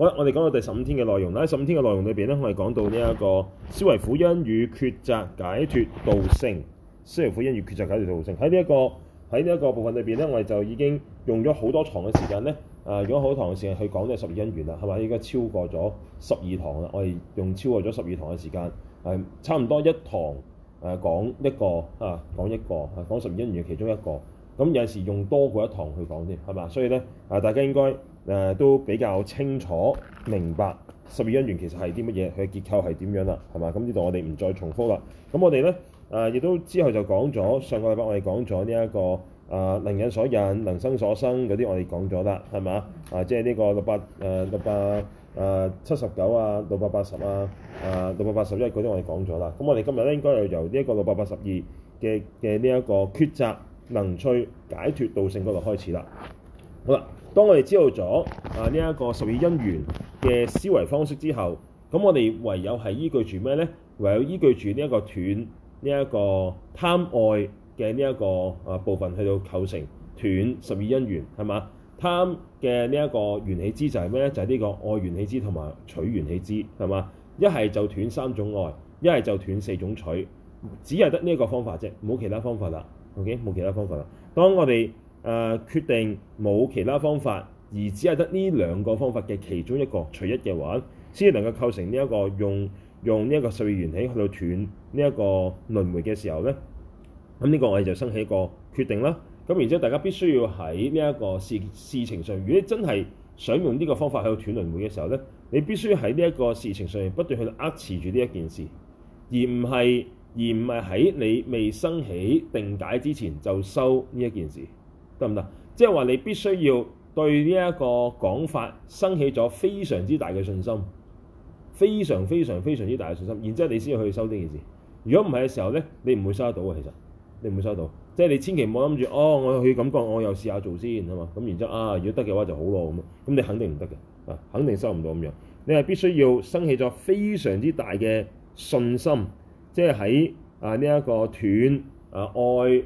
好，我哋講到第十五天嘅內容。喺十五天嘅內容裏邊咧，我哋講到呢、這、一個思維苦因與抉擇解脱道性，思維苦因與抉擇解脱道性。喺呢一個喺呢一個部分裏邊咧，我哋就已經用咗好多堂嘅時間咧。啊，用咗好多堂嘅時間去講呢十二因緣啦，係咪？應該超過咗十二堂啦。我哋用超過咗十二堂嘅時間，係、啊啊啊啊、差唔多一堂誒講一個啊，講一個、啊、講十二因緣其中一個。咁有陣時用多過一堂去講添，係嘛？所以咧啊，大家應該。誒、呃、都比較清楚明白十二因緣其實係啲乜嘢，佢嘅結構係點樣啦，係嘛？咁呢度我哋唔再重複啦。咁我哋咧誒亦都之後就講咗上個禮拜我哋講咗呢一個誒、呃、能引所引，能生所生嗰啲我哋講咗啦，係嘛？啊，即係呢個六百、呃、六百誒六百誒七十九啊，六百八十啊，啊、呃、六百八十一嗰啲我哋講咗啦。咁我哋今日咧應該係由呢一個六百八十二嘅嘅呢一個抉擇能趣、解脱道性嗰度開始啦。好啦。當我哋知道咗啊呢一個十二因緣嘅思維方式之後，咁我哋唯有係依據住咩咧？唯有依據住呢一個斷呢一個貪愛嘅呢一個啊部分去到構成斷十二因緣，係嘛？貪嘅呢一個緣起之就係咩咧？就係呢個愛緣起之同埋取緣起之，係嘛？一係就斷三種愛，一係就斷四種取，只係得呢一個方法啫，冇其他方法啦。OK，冇其他方法啦。當我哋誒、呃、決定冇其他方法，而只係得呢兩個方法嘅其中一個，除一嘅話，先至能夠構成呢、這、一個用用呢一個十二緣起去到斷呢一個輪迴嘅時候呢，咁呢個我哋就生起一個決定啦。咁然之後，大家必須要喺呢一個事事情上，如果你真係想用呢個方法喺度斷輪迴嘅時候呢，你必須喺呢一個事情上面不斷去壓持住呢一件事，而唔係而唔係喺你未生起定解之前就收呢一件事。得唔得？即係話你必須要對呢一個講法生起咗非常之大嘅信心，非常非常非常之大嘅信心，然之後你先去收呢件事。如果唔係嘅時候咧，你唔會收得到嘅。其實你唔會收得到，即係你千祈唔好諗住哦，我去咁講，我又試下做先，係嘛？咁然之後啊，如果得嘅話就好咯，咁咁你肯定唔得嘅，啊，肯定收唔到咁樣。你係必須要生起咗非常之大嘅信心，即係喺啊呢一個斷啊愛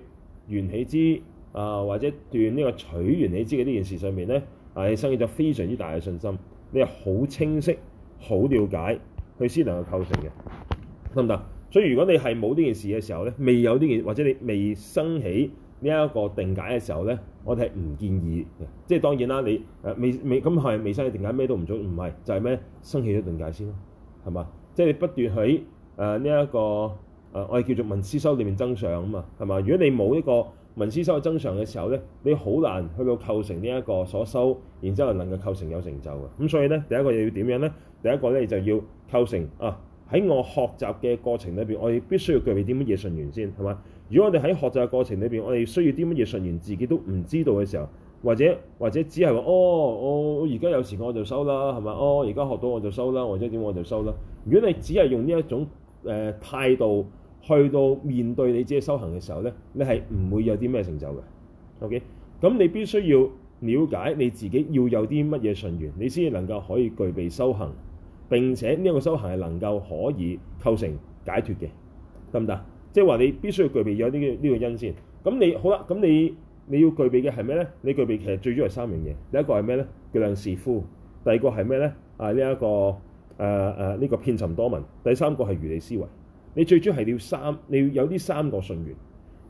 緣起之。啊，或者斷呢個取完你知嘅呢件事上面咧，啊，你生起咗非常之大嘅信心，你係好清晰、好了解佢先能夠構成嘅，得唔得？所以如果你係冇呢件事嘅時候咧，未有呢件事或者你未生起呢一個定解嘅時候咧，我哋係唔建議嘅。即係當然啦，你誒未未咁係未生起定解，咩都唔做，唔係就係、是、咩生起咗定解先咯，係嘛？即係你不斷喺誒呢一個誒、呃、我哋叫做聞思修裏面增上啊嘛，係嘛？如果你冇一個。文思修入增長嘅時候咧，你好難去到構成呢一個所修，然之後能夠構成有成就嘅。咁所以咧，第一個又要點樣咧？第一個咧就要構成啊！喺我學習嘅過程裏邊，我哋必須要具備啲乜嘢順緣先，係嘛？如果我哋喺學習嘅過程裏邊，我哋需要啲乜嘢順緣，自己都唔知道嘅時候，或者或者只係話哦，我而家有時我就收啦，係咪？哦，而家學到我就收啦，或者點我就收啦。如果你只係用呢一種誒、呃、態度，去到面對你自己修行嘅時候咧，你係唔會有啲咩成就嘅。OK，咁你必須要了解你自己要有啲乜嘢信源，你先能夠可以具備修行。並且呢一個修行係能夠可以構成解脫嘅，得唔得？即係話你必須要具備咗呢呢個因先。咁、嗯、你好啦，咁你你要具備嘅係咩咧？你具備其實最主要係三樣嘢，第一個係咩咧？叫量時夫，第二個係咩咧？啊呢一、這個誒誒呢個偏沉多聞，第三個係如昧思維。你最主要係要三，你要有呢三個信源。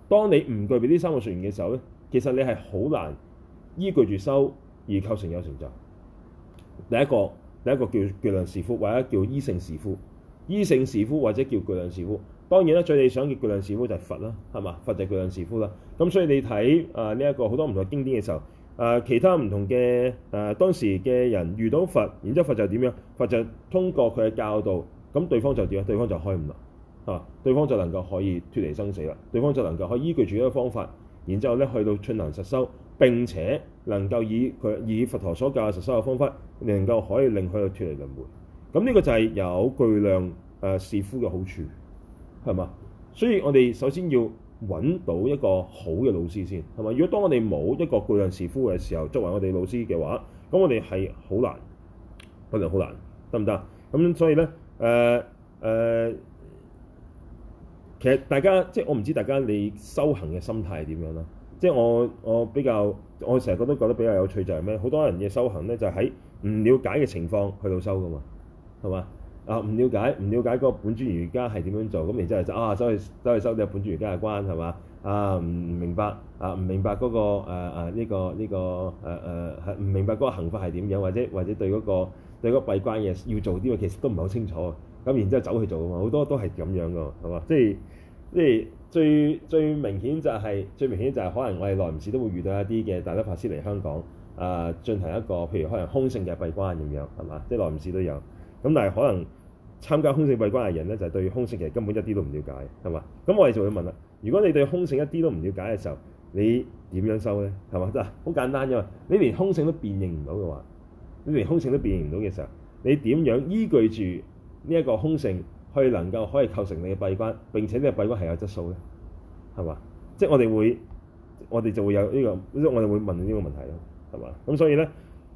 當你唔具備呢三個信源嘅時候咧，其實你係好難依據住修而構成有成就。第一個，第一個叫巨量士夫，或者叫依性士夫，依性士夫或者叫巨量士夫。當然啦，最理想嘅巨量士夫就係佛啦，係嘛？佛就係巨量士夫啦。咁所以你睇啊呢一個好多唔同嘅經典嘅時候，啊、呃、其他唔同嘅啊、呃、當時嘅人遇到佛，然之後佛就點樣？佛就通過佢嘅教導，咁對方就點？對方就開悟啦。啊！對方就能夠可以脫離生死啦，對方就能夠可以依據住一個方法，然之後咧去到進行實修，並且能夠以佢以佛陀所教嘅實修嘅方法，能夠可以令佢脫離輪迴。咁呢個就係有巨量誒士、呃、夫嘅好處，係嘛？所以我哋首先要揾到一個好嘅老師先，係嘛？如果當我哋冇一個巨量士夫嘅時候，作為我哋老師嘅話，咁我哋係好難，不能好難，得唔得？咁所以咧，誒、呃、誒。呃呃。其實大家即係我唔知大家你修行嘅心態係點樣啦，即係我我比較，我成日覺得覺得比較有趣就係咩？好多人嘅修行咧就喺唔了解嘅情況去到修噶嘛，係嘛？啊唔了解，唔了解嗰個本尊瑜伽係點樣做，咁然之後就是、啊走去走去修啲本尊瑜伽嘅關係嘛？啊唔明白，啊唔明白嗰、那個誒呢、啊這個呢、這個誒誒係唔明白嗰個行法係點樣，或者或者對嗰、那個對嗰個閉關嘅要做啲其實都唔係好清楚。咁然之後走去做㗎嘛，好多都係咁樣㗎，係嘛？即係即係最最明顯就係、是、最明顯就係可能我哋耐唔時都會遇到一啲嘅大德法師嚟香港啊進、呃、行一個譬如可能空性嘅閉關咁樣，係嘛？即係耐唔時都有。咁但係可能參加空性閉關嘅人咧就係、是、對空性其實根本一啲都唔了解，係嘛？咁我哋就會問啦，如果你對空性一啲都唔了解嘅時候，你點樣修咧？係嘛？嗱，好簡單啫嘛，你連空性都辨認唔到嘅話，你連空性都辨認唔到嘅時候，你點樣依據住？呢一個空性可以能夠可以構成你嘅閉關，並且呢個閉關係有質素咧，係嘛？即係我哋會，我哋就會有呢、這個，我哋會問呢個問題咯，係嘛？咁所以咧，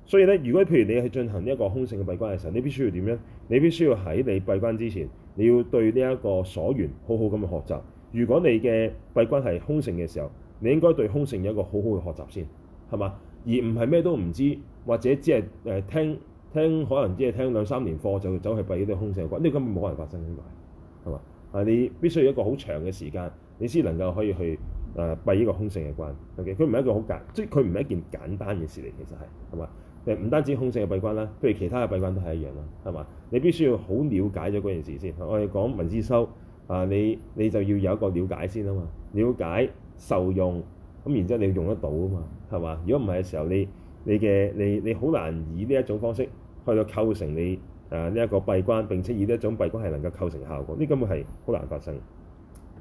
所以咧，如果譬如你去進行呢一個空性嘅閉關嘅時候，你必須要點樣？你必須要喺你閉關之前，你要對呢一個所緣好好咁去學習。如果你嘅閉關係空性嘅時候，你應該對空性有一個好好嘅學習先，係嘛？而唔係咩都唔知，或者只係誒、呃、聽。聽可能只係聽兩三年課就會走去閉呢啲空性嘅關，呢啲根本冇可能發生嘅，係嘛？但你必須要一個好長嘅時間，你先能夠可以去誒、呃、閉呢個空性嘅關。OK，佢唔係一個好簡，即係佢唔係一件簡單嘅事嚟，其實係係嘛？誒唔單止空性嘅閉關啦，譬如其他嘅閉關都係一樣啦，係嘛？你必須要好了解咗嗰件事先。我哋講聞思修，啊、呃，你你就要有一個了解先啊嘛，了解受用咁，然之後你要用得到啊嘛，係嘛？如果唔係嘅時候你。你嘅你你好難以呢一種方式去到構成你啊呢一個閉關，並且以呢一種閉關係能夠構成效果，呢根本係好難發生。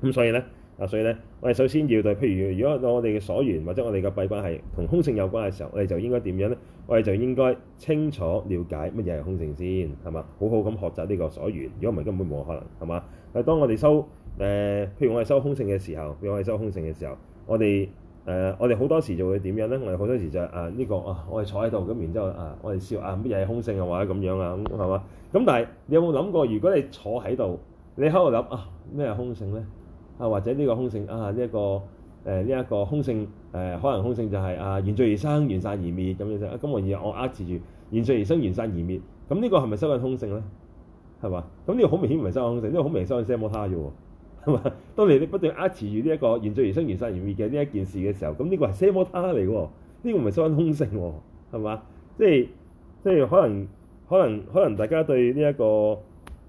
咁所以咧啊，所以咧，我哋首先要對譬如，如果我哋嘅所緣或者我哋嘅閉關係同空性有關嘅時候，我哋就應該點樣咧？我哋就應該清楚了解乜嘢係空性先，係嘛？好好咁學習呢個所緣，如果唔係根本冇可能，係嘛？當我哋修，誒譬如我哋修空性嘅時候，譬如我哋修空性嘅時候，我哋。誒、呃，我哋好多時就會點樣咧？我哋好多時就誒、是、呢、啊呢個啊，我哋坐喺度咁，然之後啊，我哋笑啊，乜嘢係空性啊，或者咁樣啊，咁係嘛？咁但係你有冇諗過，如果你坐喺度，你喺度諗啊，咩係空性咧？啊，或者呢個空性啊，呢、這、一個誒呢一個空性誒、啊，可能空性就係、是、啊，緣聚而生，緣散而滅咁樣咁、啊、我而家我扼持住緣聚而生，緣散而滅，咁呢個係咪修緊空性咧？係嘛？咁呢個好明顯唔係修緊空性，呢個好明顯修緊 samatha 啫。係 當你哋不斷扼持住呢一個緣聚而生、緣散而滅嘅呢一件事嘅時候，咁呢個係奢摩他嚟喎，呢、這個唔係收緊空性喎、哦，係嘛？即係即係可能可能可能大家對呢、這、一個誒誒、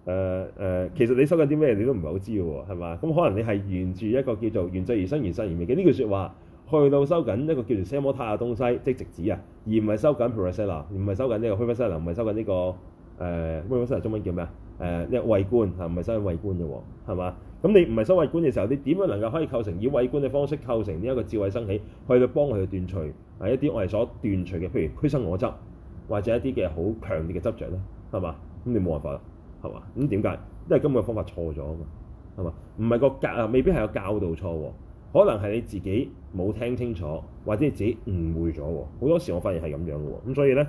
呃呃，其實你收緊啲咩你都唔係好知嘅喎，係嘛？咁可能你係沿住一個叫做緣聚而生、緣散而滅嘅呢句説話，去到收緊一個叫做奢摩他嘅東西，即直指啊，而唔係收緊唔係收緊呢個唔係收緊呢、這個誒，呃、中文叫咩啊？誒、呃，一、這個圍觀係唔係收緊圍觀啫喎？嘛？咁你唔係修慧觀嘅時候，你點樣能夠可以構成以慧觀嘅方式構成呢一個智慧生起，去到幫佢去斷除係一啲我哋所斷除嘅，譬如俱生我執，或者一啲嘅好強烈嘅執着咧，係嘛？咁你冇辦法啦，係嘛？咁點解？因為根本嘅方法錯咗啊嘛，係嘛？唔係個格啊，未必係有教導錯，可能係你自己冇聽清楚，或者你自己誤會咗。好多時我發現係咁樣嘅喎，咁所以咧，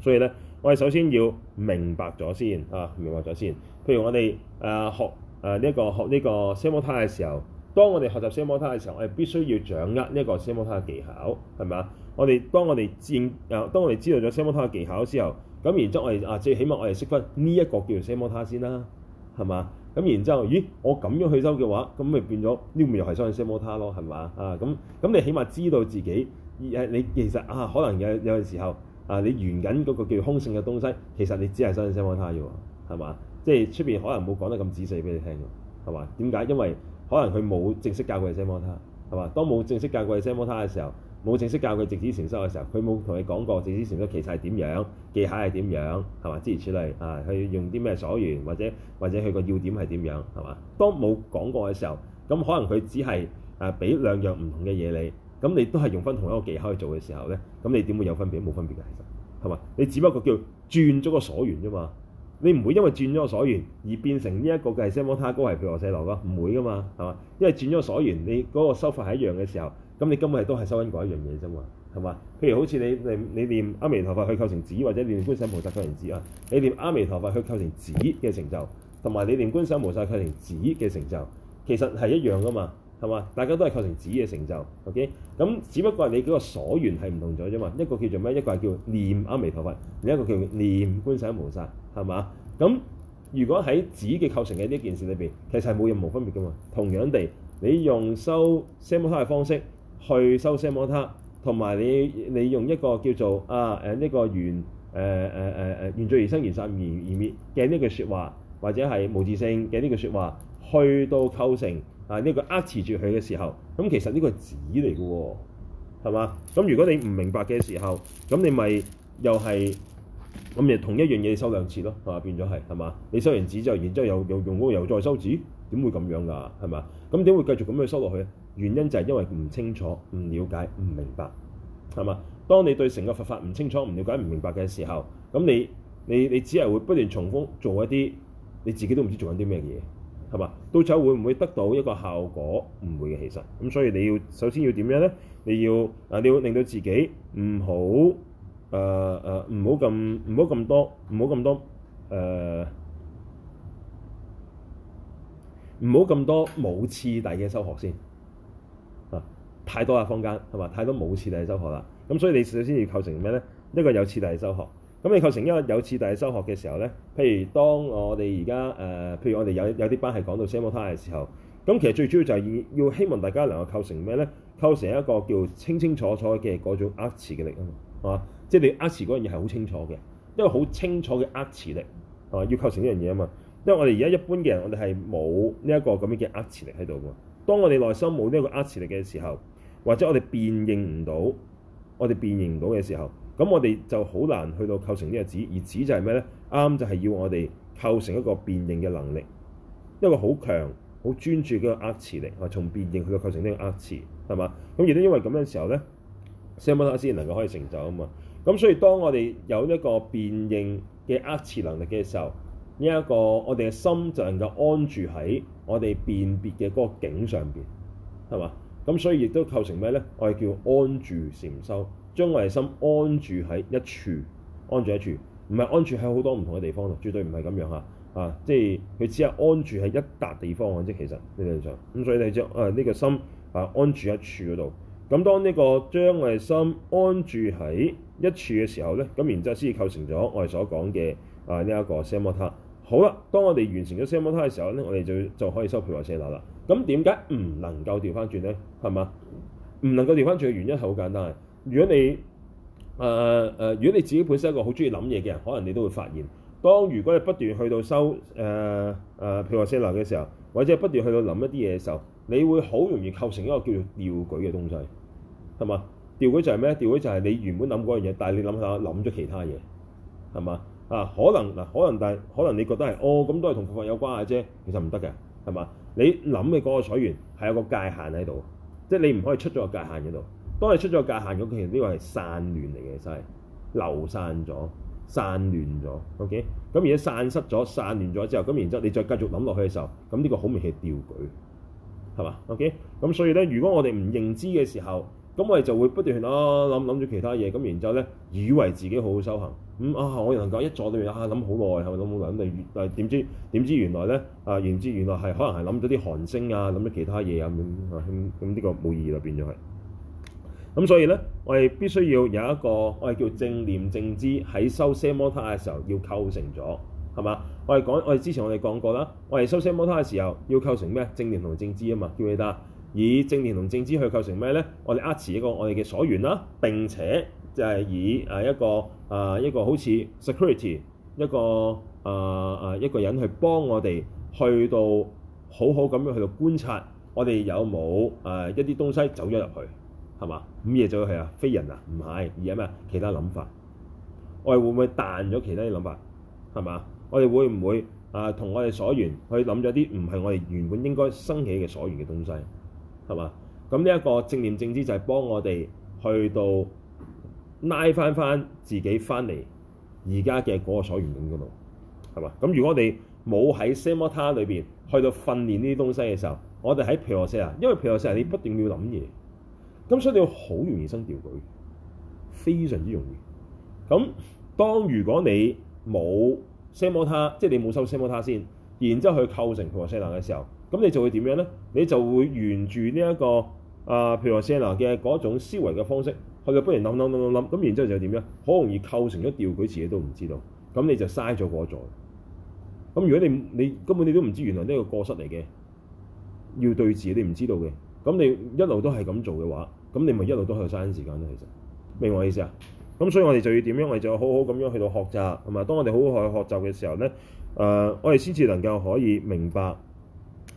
所以咧，我哋首先要明白咗先啊，明白咗先。譬如我哋誒、啊、學。誒呢一個學呢、呢個奢摩他嘅時候，當我哋學習奢摩他嘅時候，我哋必須要掌握呢一個奢摩他嘅技巧，係咪啊？我哋當我哋知啊，當我哋知道咗奢摩他嘅技巧之後，咁然之後我哋啊，最起碼我哋識翻呢一個叫做奢摩他先啦，係嘛？咁然之後，咦，我咁樣去修嘅話，咁咪變咗 New 呢個又係屬於奢摩他咯，係嘛？啊，咁咁你起碼知道自己誒，你其實啊，可能有有陣時候啊，你緣緊嗰個叫空性嘅東西，其實你只係屬於奢摩他嘅喎，係嘛？即係出邊可能冇講得咁仔細俾你聽㗎，係嘛？點解？因為可能佢冇正式教過你奢摩他，係嘛？當冇正式教過你奢摩他嘅時候，冇正式教佢直指禪修嘅時候，佢冇同你講過直指禪修其實係點樣，技巧係點樣，係嘛？知而處理啊，去用啲咩所緣，或者或者佢個要點係點樣，係嘛？當冇講過嘅時候，咁可能佢只係誒俾兩樣唔同嘅嘢你，咁你都係用翻同一個技巧去做嘅時候咧，咁你點會有分別？冇分別嘅，其實係嘛？你只不過叫轉咗個所緣啫嘛。你唔會因為轉咗個所緣而變成呢一個嘅係奢摩他高係我世羅咯，唔會噶嘛，係嘛？因為轉咗個所緣，你嗰個修法係一樣嘅時候，咁你根本係都係修緊同一樣嘢啫嘛，係嘛？譬如好似你你你念阿彌陀佛去構成子，或者念觀世音菩薩構成子啊，你念阿彌陀佛去構成子嘅成，成就，同埋你念觀世音菩薩構成子嘅成就，其實係一樣噶嘛。係嘛？大家都係構成止嘅成就，OK？咁只不過係你嗰個所緣係唔同咗啫嘛。一個叫做咩？一個係叫念阿彌陀佛，另一個叫念觀世音菩薩，係嘛？咁如果喺止嘅構成嘅呢件事裏邊，其實係冇任何分別噶嘛。同樣地，你用修 samatha 嘅方式去修 samatha 同埋你你用一個叫做啊誒呢個緣誒誒誒誒緣聚而生緣散而而滅嘅呢句説話，或者係無自性嘅呢句説話，去到構成。啊！呢、這個壓住佢嘅時候，咁其實呢個紙嚟嘅喎，係嘛？咁如果你唔明白嘅時候，咁你咪又係咁又同一樣嘢收兩次咯，係嘛？變咗係係嘛？你收完紙之後，然之後又又用嗰又再收紙，點會咁樣㗎？係嘛？咁點會繼續咁去收落去咧？原因就係因為唔清楚、唔了解、唔明白，係嘛？當你對成個佛法唔清楚、唔了解、唔明白嘅時候，咁你你你只係會不斷重複做一啲你自己都唔知做緊啲咩嘢。係嘛？到最後會唔會得到一個效果？唔會嘅，其實咁，所以你要首先要點樣咧？你要啊，你要令到自己唔好誒誒，唔好咁唔好咁多，唔好咁多誒，唔好咁多冇次第嘅修學先啊！太多啊，坊間係嘛？太多冇次第嘅修學啦。咁所以你首先要構成咩咧？呢個有次第修學。咁你構成一個有次第修學嘅時候咧，譬如當我哋而家誒，譬如我哋有有啲班係講到 sample i 嘅時候，咁其實最主要就係要希望大家能夠構成咩咧？構成一個叫清清楚楚嘅嗰種遏持嘅力啊嘛，係嘛？即係你遏持嗰樣嘢係好清楚嘅，因為好清楚嘅遏持力係嘛？要構成呢樣嘢啊嘛，因為我哋而家一般嘅人，我哋係冇呢一個咁樣嘅遏持力喺度嘅。當我哋內心冇呢一個遏持力嘅時候，或者我哋辨認唔到，我哋辨認唔到嘅時候。咁我哋就好難去到構成呢個子。而子就係咩咧？啱就係要我哋構成一個辨認嘅能力，一個好強、好專注嘅握詞力，從辨認去到構成呢個握詞，係嘛？咁亦都因為咁嘅時候咧，奢摩他先能夠可以成就啊嘛。咁所以當我哋有一個辨認嘅握詞能力嘅時候，呢一個我哋嘅心就能夠安住喺我哋辨別嘅嗰個境上邊，係嘛？咁所以亦都構成咩咧？我哋叫安住禪修。將我哋心安住喺一處，安住一處，唔係安住喺好多唔同嘅地方咯。絕對唔係咁樣嚇啊！即係佢只係安住喺一笪地方嘅其實理論上。咁，所以你將啊呢個心啊安住一處嗰度。咁當呢個將我哋心安住喺一處嘅時候咧，咁然之後先至構成咗我哋所講嘅啊呢一個 Samata 好啦，當我哋完成咗 Samata 嘅時候咧，我哋就就可以修毗婆舍那啦。咁點解唔能夠調翻轉咧？係嘛？唔能夠調翻轉嘅原因係好簡單。如果你誒誒、呃呃，如果你自己本身一個好鍾意諗嘢嘅人，可能你都會發現，當如果你不斷去到收誒誒、呃呃，譬如話 s a 嘅時候，或者不斷去到諗一啲嘢嘅時候，你會好容易構成一個叫做掉舉嘅東西，係嘛？掉舉就係咩？掉舉就係你原本諗嗰樣嘢，但係你諗下諗咗其他嘢，係嘛？啊，可能嗱、啊，可能但係，可能你覺得係哦，咁都係同課份有關嘅啫，其實唔得嘅，係嘛？你諗嘅嗰個所緣係有個界限喺度，即係你唔可以出咗個界限喺度。當你出咗界限其實，呢個係散亂嚟嘅，真係流散咗、散亂咗。OK，咁而家散失咗、散亂咗之後，咁然之後你再繼續諗落去嘅時候，咁呢個好明顯係掉舉，係嘛？OK，咁所以咧，如果我哋唔認知嘅時候，咁我哋就會不斷啊諗諗住其他嘢，咁然之後咧，以為自己好好修行，咁、嗯、啊我能夠一坐裏面啊諗好耐，係咪諗好耐，你但係點知點知、啊、知原來咧啊，然之原來係可能係諗咗啲韓星啊，諗咗其他嘢啊咁啊，咁、啊、呢個冇意義啦，變咗係。咁所以咧，我哋必須要有一個我哋叫正念正知喺修奢摩他嘅時候要構成咗，係嘛？我哋講我哋之前我哋講過啦，我哋修奢摩他嘅時候要構成咩？正念同正知啊嘛，叫你答。以正念同正知去構成咩咧？我哋握持一個我哋嘅所緣啦，並且就係以誒一個誒、呃、一個好似 security 一個誒誒、呃、一個人去幫我哋去到好好咁樣去到觀察我哋有冇誒一啲東西走咗入去。係嘛？五夜就要係啊，非人啊，唔係，而係咩？其他諗法。我哋會唔會彈咗其他嘅諗法？係嘛？我哋會唔會啊、呃？同我哋所緣去諗咗啲唔係我哋原本應該生起嘅所緣嘅東西？係嘛？咁呢一個正念正知就係幫我哋去到拉翻翻自己翻嚟而家嘅嗰個所緣境嗰度。係嘛？咁如果你冇喺奢摩他裏邊去到訓練呢啲東西嘅時候，我哋喺毗婆舍那啊，因為毗婆舍那你不斷要諗嘢。咁所以你好容易生掉舉，非常之容易。咁當如果你冇奢摩他，即係你冇收奢摩他先，然之後去構成佢話舍那嘅時候，咁你就會點樣咧？你就會沿住呢一個啊、呃，譬如話舍那嘅嗰種思維嘅方式去到，不如諗諗諗諗諗，咁然之後就點樣？好容易構成咗掉舉，自己都唔知道。咁你就嘥咗嗰座。咁如果你你，你根本你都唔知原來呢個過失嚟嘅，要對自己你唔知道嘅，咁你一路都係咁做嘅話，咁你咪一路都去嘥緊時間咯，其實明我意思啊？咁所以我哋就要點樣？我就要好好咁樣去到學習，係嘛？當我哋好好去學習嘅時候咧，誒、呃，我哋先至能夠可以明白誒、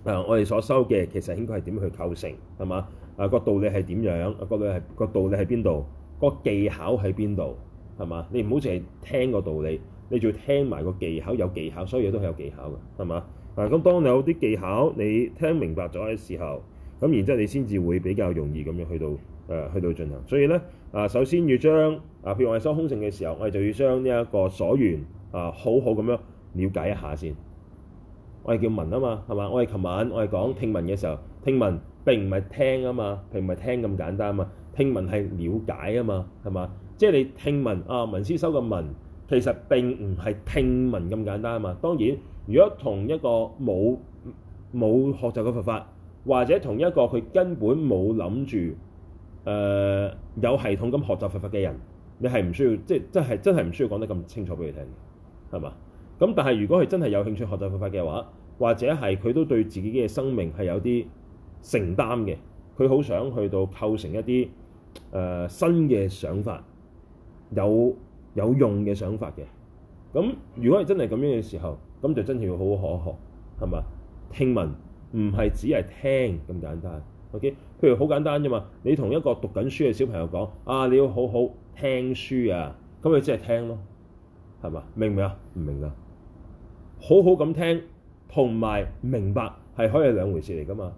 呃，我哋所收嘅其實應該係點去構成係嘛？誒個、呃、道理係點樣？個道理係個道理係邊度？個技巧係邊度？係嘛？你唔好淨係聽個道理，你仲要聽埋個技巧。有技巧，所有嘢都係有技巧嘅，係嘛？嗱、啊，咁當你有啲技巧你聽明白咗嘅時候。咁然之後，你先至會比較容易咁樣去到誒、呃、去到進行。所以咧，啊、呃、首先要將啊譬如我修空性嘅時候，我哋就要將呢一個所緣啊、呃、好好咁樣了解一下先。我係叫聞啊嘛，係嘛？我係琴晚我係講聽聞嘅時候，聽聞並唔係聽啊嘛，並唔係聽咁簡單嘛。聽聞係了解啊嘛，係嘛？即係你聽聞啊聞思修嘅聞，其實並唔係聽聞咁簡單啊嘛。當然，如果同一個冇冇學習嘅佛法。或者同一個佢根本冇諗住誒，有系統咁學習佛法嘅人，你係唔需要，即係真係真係唔需要講得咁清楚俾佢聽，係嘛？咁但係如果佢真係有興趣學習佛法嘅話，或者係佢都對自己嘅生命係有啲承擔嘅，佢好想去到構成一啲誒、呃、新嘅想法，有有用嘅想法嘅。咁如果係真係咁樣嘅時候，咁就真係要好好學一學，係嘛？聽聞。唔係只係聽咁簡單，OK？譬如好簡單啫嘛，你同一個讀緊書嘅小朋友講：啊，你要好好聽書啊！咁你即係聽咯，係嘛？明唔明啊？唔明啊？好好咁聽，同埋明白係可以兩回事嚟㗎嘛，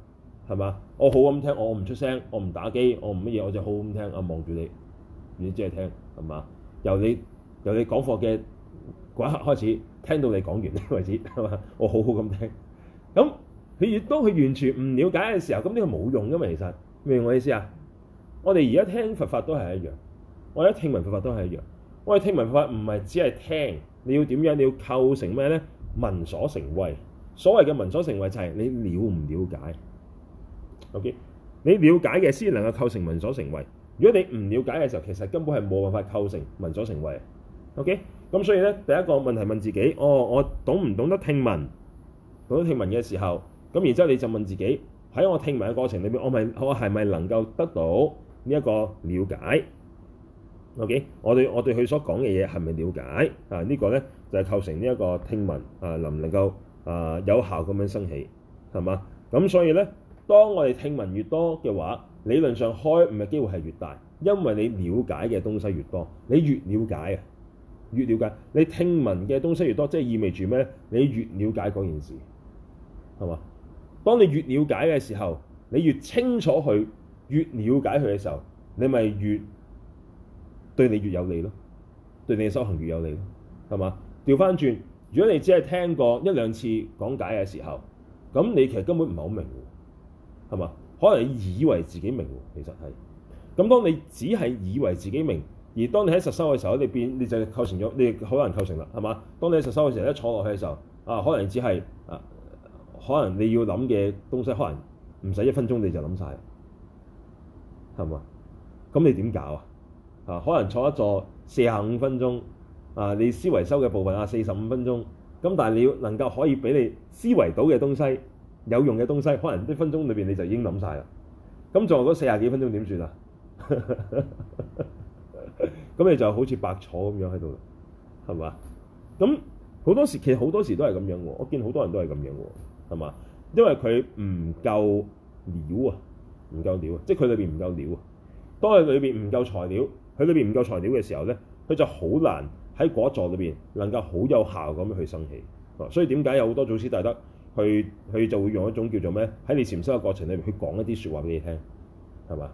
係嘛？我好咁聽，我唔出聲，我唔打機，我唔乜嘢，我就好咁聽啊，望住你，你即係聽係嘛？由你由你講課嘅嗰一刻開始，聽到你講完呢個位置係嘛？我好好咁聽，咁。佢越當佢完全唔了解嘅時候，咁呢個冇用噶嘛，其實明唔明我意思啊？我哋而家聽佛法都係一樣，我而家聽聞佛法都係一樣。我哋聽聞佛法唔係只係聽，你要點樣？你要構成咩咧？聞所成慧。所謂嘅聞所成慧就係你了唔了解？OK，你了解嘅先能夠構成聞所成慧。如果你唔了解嘅時候，其實根本係冇辦法構成聞所成慧。OK，咁所以咧，第一個問題問自己：哦，我懂唔懂得聽聞？懂得聽聞嘅時候。咁然之後你就問自己，喺我聽聞嘅過程裏面，我咪我係咪能夠得到呢一個了解？OK，我對我對佢所講嘅嘢係咪了解？啊，這個、呢個咧就係、是、構成呢一個聽聞啊，能唔能夠啊有效咁樣升起？係嘛？咁所以咧，當我哋聽聞越多嘅話，理論上開悟嘅機會係越大，因為你了解嘅東西越多，你越了解啊，越了解你聽聞嘅東西越多，即係意味住咩咧？你越了解嗰件事，係嘛？當你越了解嘅時候，你越清楚佢，越了解佢嘅時候，你咪越對你越有利咯，對你嘅修行越有利咯，係嘛？調翻轉，如果你只係聽過一兩次講解嘅時候，咁你其實根本唔係好明，係嘛？可能你以為自己明，其實係。咁當你只係以為自己明，而當你喺實修嘅時候，你變你就構成咗，你亦好難構成啦，係嘛？當你喺實修嘅時候，一坐落去嘅時候，啊，可能只係啊。可能你要諗嘅東西，可能唔使一分鐘你就諗曬，係嘛？咁你點搞啊？啊，可能坐一坐四十五分鐘，啊，你思維修嘅部分啊四十五分鐘，咁但係你要能夠可以俾你思維到嘅東西，有用嘅東西，可能一分鐘裏邊你就已經諗晒啦。咁仲有四廿幾分鐘點算啊？咁 你就好似白坐咁樣喺度，係嘛？咁好多時其實好多時都係咁樣啊，我見好多人都係咁樣嘅啊。係嘛？因為佢唔夠料啊，唔夠料啊，即係佢裏邊唔夠料啊。當佢裏邊唔夠材料，佢裏邊唔夠材料嘅時候咧，佢就好難喺嗰座裏邊能夠好有效咁去生起。所以點解有好多祖師大德，佢佢就會用一種叫做咩？喺你禪修嘅過程裏面，去講一啲説話俾你聽，係嘛？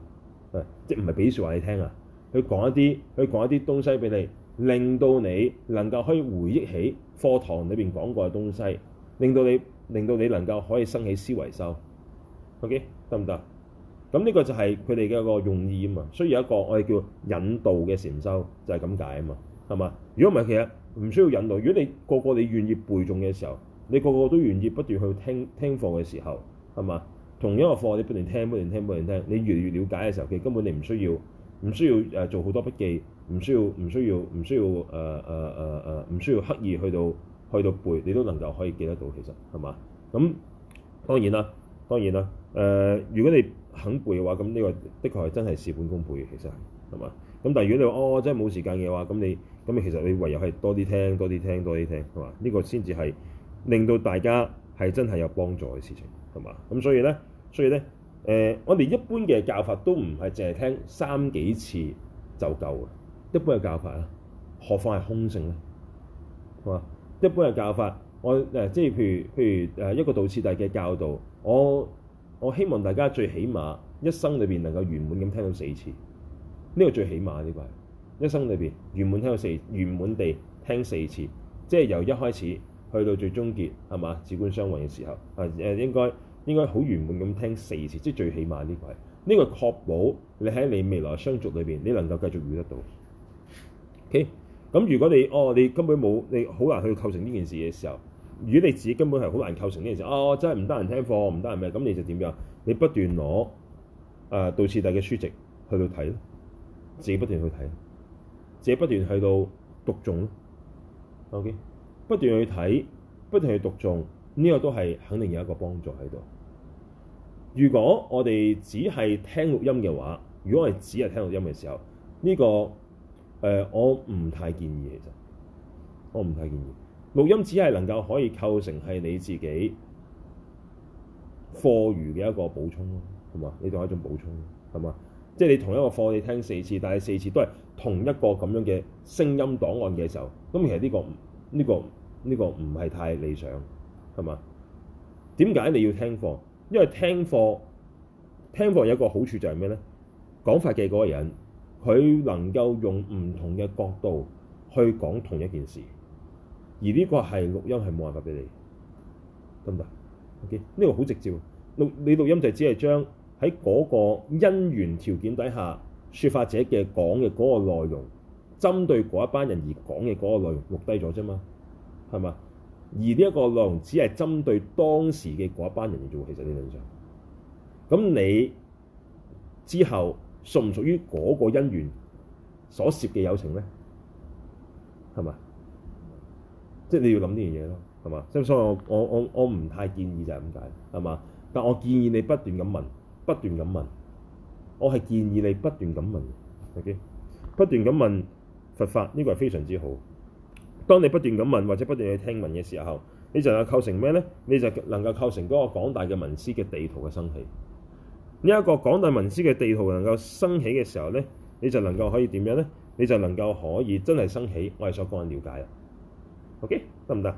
誒，即係唔係俾説話你聽啊？佢講一啲，佢講一啲東西俾你，令到你能夠可以回憶起課堂裏邊講過嘅東西，令到你。令到你能夠可以生起思維修，OK 得唔得？咁呢個就係佢哋嘅個用意啊嘛，需要一個我哋叫引導嘅禪修，就係咁解啊嘛，係嘛？如果唔係，其實唔需要引導。如果你個個你願意背誦嘅時候，你個個都願意不斷去聽聽課嘅時候，係嘛？同一個課你不斷聽不斷聽不斷聽，不斷聽，你越嚟越了解嘅時候，其實根本你唔需要唔需要誒做好多筆記，唔需要唔需要唔需要誒誒誒誒，唔、呃呃呃呃、需要刻意去到。去到背，你都能夠可以記得到，其實係嘛？咁當然啦，當然啦。誒、呃，如果你肯背嘅話，咁呢個的確係真係事半功倍嘅。其實係嘛？咁但係如果你話哦，真係冇時間嘅話，咁你咁你其實你唯有係多啲聽、多啲聽、多啲聽，係嘛？呢、呢個先至係令到大家係真係有幫助嘅事情，係嘛？咁所以咧，所以咧，誒、呃，我哋一般嘅教法都唔係淨係聽三幾次就夠嘅，一般嘅教法啦，何況係空性咧係嘛？一般嘅教法，我誒即係譬如譬如，誒一個道次第嘅教導，我我希望大家最起碼一生裏邊能夠圓滿咁聽到四次，呢個最起碼呢個係一生裏邊圓滿聽到四，圓滿地聽四次，即係由一開始去到最終結係嘛，止觀雙運嘅時候啊誒應該應該好圓滿咁聽四次，即係最起碼呢個係呢、這個確保你喺你未來相續裏邊你能夠繼續遇得到。O K。咁如果你哦，你根本冇，你好難去構成呢件事嘅時候；如果你自己根本係好難構成呢件事，哦，真係唔得閒聽課，唔得閒咩，咁你就點樣？你不斷攞誒、呃、道次第嘅書籍去到睇，自己不斷去睇，自己不斷去到讀誦咯。OK，不斷去睇，不斷去讀誦，呢、這個都係肯定有一個幫助喺度。如果我哋只係聽錄音嘅話，如果我哋只係聽錄音嘅時候，呢、這個誒、呃，我唔太建議其實，我唔太建議錄音只係能夠可以構成係你自己課餘嘅一個補充咯，係嘛？呢種一種補充，係嘛？即係你同一個課你聽四次，但係四次都係同一個咁樣嘅聲音檔案嘅時候，咁其實呢個呢個呢個唔係太理想，係嘛？點解你要聽課？因為聽課聽課有一個好處就係咩咧？講法嘅嗰個人。佢能夠用唔同嘅角度去講同一件事，而呢個係錄音係冇辦法俾你，得唔得？OK，呢個好直接。錄你錄音就只係將喺嗰個因緣條件底下，説法者嘅講嘅嗰個內容，針對嗰一班人而講嘅嗰個內容錄低咗啫嘛，係嘛？而呢一個內容只係針對當時嘅嗰一班人而做。其實理論上。咁你之後？屬唔屬於嗰個姻緣所涉嘅友情咧？係嘛？即係你要諗呢樣嘢咯，係嘛？咁所以我我我我唔太建議就係咁解，係嘛？但我建議你不斷咁問，不斷咁問，我係建議你不斷咁問，OK？不斷咁問佛法呢個係非常之好。當你不斷咁問或者不斷去聽聞嘅時候，你就係構成咩咧？你就能夠構成嗰個廣大嘅文思嘅地圖嘅生起。呢一個廣大聞思嘅地圖能夠生起嘅時候咧，你就能夠可以點樣咧？你就能夠可以真係生起我了了、okay? 行行，我哋所個人了解啊。OK，得唔得？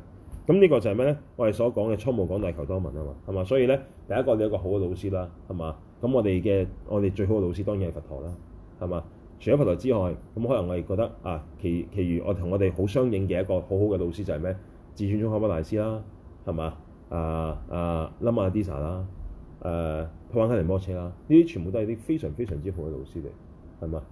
咁呢個就係咩咧？我哋所講嘅初務廣大求多聞啊嘛，係嘛？所以咧，第一個你有一個好嘅老師啦，係嘛？咁我哋嘅我哋最好嘅老師當然係佛陀啦，係嘛？除咗佛陀之外，咁可能我哋覺得啊，其其餘我同我哋好相應嘅一個好好嘅老師就係咩？至尊宗喀巴大師啦，係嘛？啊啊，馬拉馬迪沙啦。誒，託玩具嚟摩車啦，呢啲全部都係啲非常非常之好嘅老師嚟，係嘛？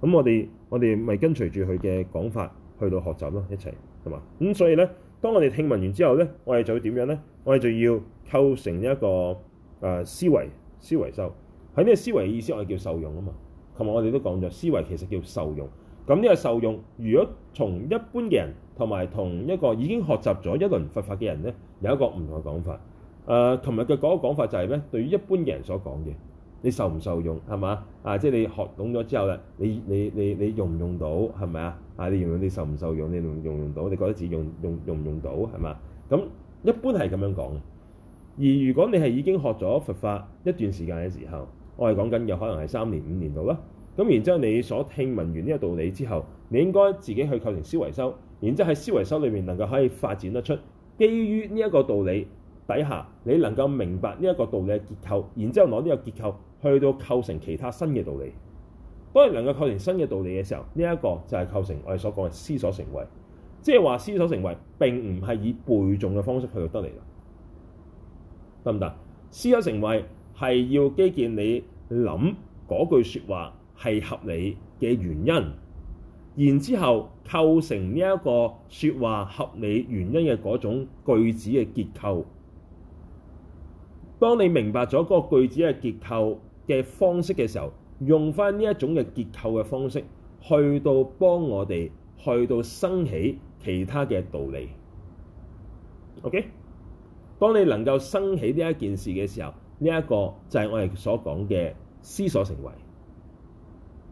咁我哋我哋咪跟隨住佢嘅講法去到學習咯，一齊係嘛？咁所以咧，當我哋聽聞完之後咧，我哋就要點樣咧？我哋就要構成一個誒、呃、思維，思維修，喺呢個思維嘅意思，我哋叫受用啊嘛。琴日我哋都講咗，思維其實叫受用。咁呢個受用，如果從一般嘅人同埋同一個已經學習咗一輪佛法嘅人咧，有一個唔同嘅講法。誒，琴日嘅嗰個講法就係咧，對於一般嘅人所講嘅，你受唔受用係嘛？啊，即係你學懂咗之後咧，你你你你用唔用到係咪啊？啊，你用唔你受唔受用，你用用唔用到？你覺得自己用用用唔用到係嘛？咁一般係咁樣講嘅。而如果你係已經學咗佛法一段時間嘅時候，我係講緊有可能係三年五年度啦。咁然之後，你所聽聞完呢一個道理之後，你應該自己去構成思維修，然之後喺思維修裏面能夠可以發展得出基於呢一個道理。底下你能夠明白呢一個道理嘅結構，然之後攞呢個結構去到構成其他新嘅道理。當你能夠構成新嘅道理嘅時候，呢、這、一個就係構成我哋所講嘅思所成慧，即係話思所成慧並唔係以背誦嘅方式去到得嚟，得唔得？思所成慧係要基建你諗嗰句説話係合理嘅原因，然之後構成呢一個説話合理原因嘅嗰種句子嘅結構。當你明白咗嗰個句子嘅結構嘅方式嘅時候，用翻呢一種嘅結構嘅方式去到幫我哋去到生起其他嘅道理。OK，當你能夠生起呢一件事嘅時候，呢、這、一個就係我哋所講嘅思所成慧。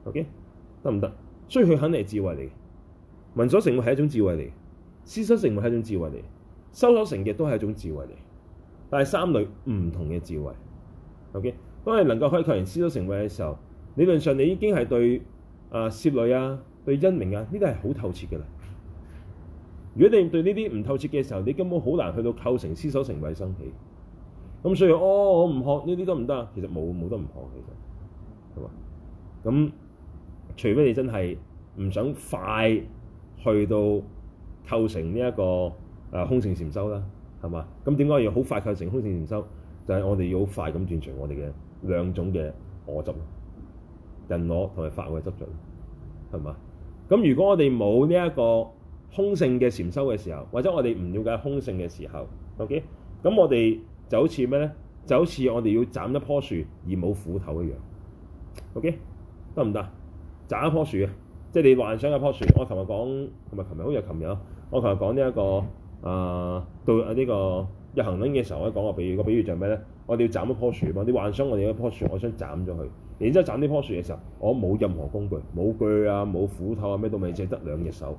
OK，得唔得？所以佢肯定係智慧嚟嘅，聞所成慧係一種智慧嚟嘅，思所成慧係一種智慧嚟嘅，修所成嘅都係一種智慧嚟。但係三類唔同嘅智慧，OK。當你能夠可以構成思所成慧嘅時候，理論上你已經係對啊攝類啊、對因明啊，呢啲係好透徹嘅啦。如果你對呢啲唔透徹嘅時候，你根本好難去到構成思所成慧生起。咁所以哦，我唔學呢啲都唔得啊？其實冇冇得唔學，其實係嘛？咁除非你真係唔想快去到構成呢、這、一個啊、呃、空性禪修啦。係嘛？咁點解要好快構成空性禪修？就係我哋要好快咁斷除我哋嘅兩種嘅我執人我同埋法我嘅執著係嘛？咁如果我哋冇呢一個空性嘅禪修嘅時候，或者我哋唔了解空性嘅時候，OK？咁我哋就好似咩咧？就好似我哋要斬一棵樹而冇斧頭一樣，OK？得唔得？斬一棵樹嘅，即係你幻想一棵樹。我琴日講，同埋琴日好似係琴日啊！我琴日講呢一個。啊，到啊、這、呢個日行輪嘅時候可以講一個比喻。個比喻就係咩咧？我哋要斬一樖樹嘛？你幻想我哋一樖樹，我想斬咗佢，然之後斬呢樖樹嘅時候，我冇任何工具，冇鋸啊，冇斧頭啊，咩都未，隻得兩隻手，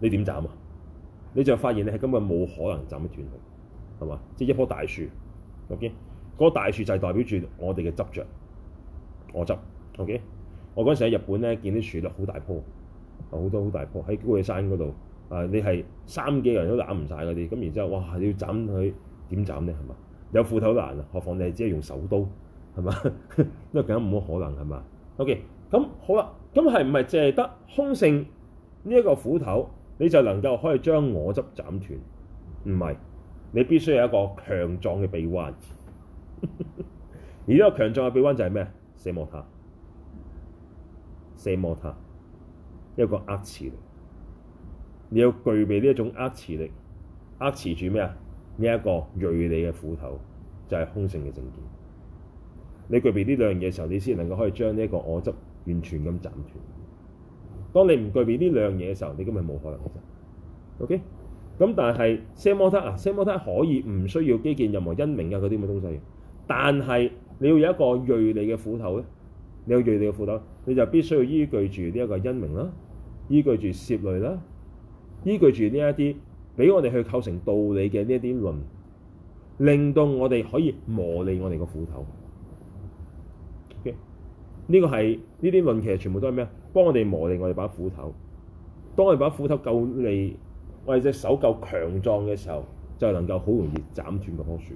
你點斬啊？你就發現你係根本冇可能斬得斷佢，係嘛？即係一棵大樹，OK？嗰個大樹就係代表住我哋嘅執着。我執 OK？我嗰陣時喺日本咧，見啲樹咧好大棵，好多好大棵，喺高野山嗰度。啊！你係三幾人都攬唔晒嗰啲，咁然之後哇，你要斬佢點斬呢？係嘛？有斧頭難啊，何況你係只係用手刀，係嘛？因為咁冇可能係嘛？OK，咁好啦，咁係唔係淨係得空性呢一個斧頭，你就能夠可以將我執斬斷？唔係，你必須有一個強壯嘅臂彎。 而呢個強壯嘅臂彎就係咩？舍摩他，舍摩他，一個呃字嚟。你要具備呢一種握持力，握持住咩啊？呢一個鋭利嘅斧頭就係空性嘅證件。你具備呢兩樣嘢嘅時候，你先能夠可以將呢一個我執完全咁斬斷。當你唔具備呢兩樣嘢嘅時候，你根本係冇可能嘅。O K，咁但係奢摩他啊，奢摩他可以唔需要基建任何因明啊嗰啲咁嘅東西，但係你要有一個鋭利嘅斧頭咧，你有鋭利嘅斧頭，你就必須要依據住呢一個因明啦，依據住攝類啦。依據住呢一啲俾我哋去構成道理嘅呢一啲論，令到我哋可以磨利我哋個斧頭。OK，呢個係呢啲論其實全部都係咩啊？幫我哋磨利我哋把斧頭。當我哋把斧頭夠利，我哋隻手夠強壯嘅時候，就能夠好容易斬斷嗰樖樹。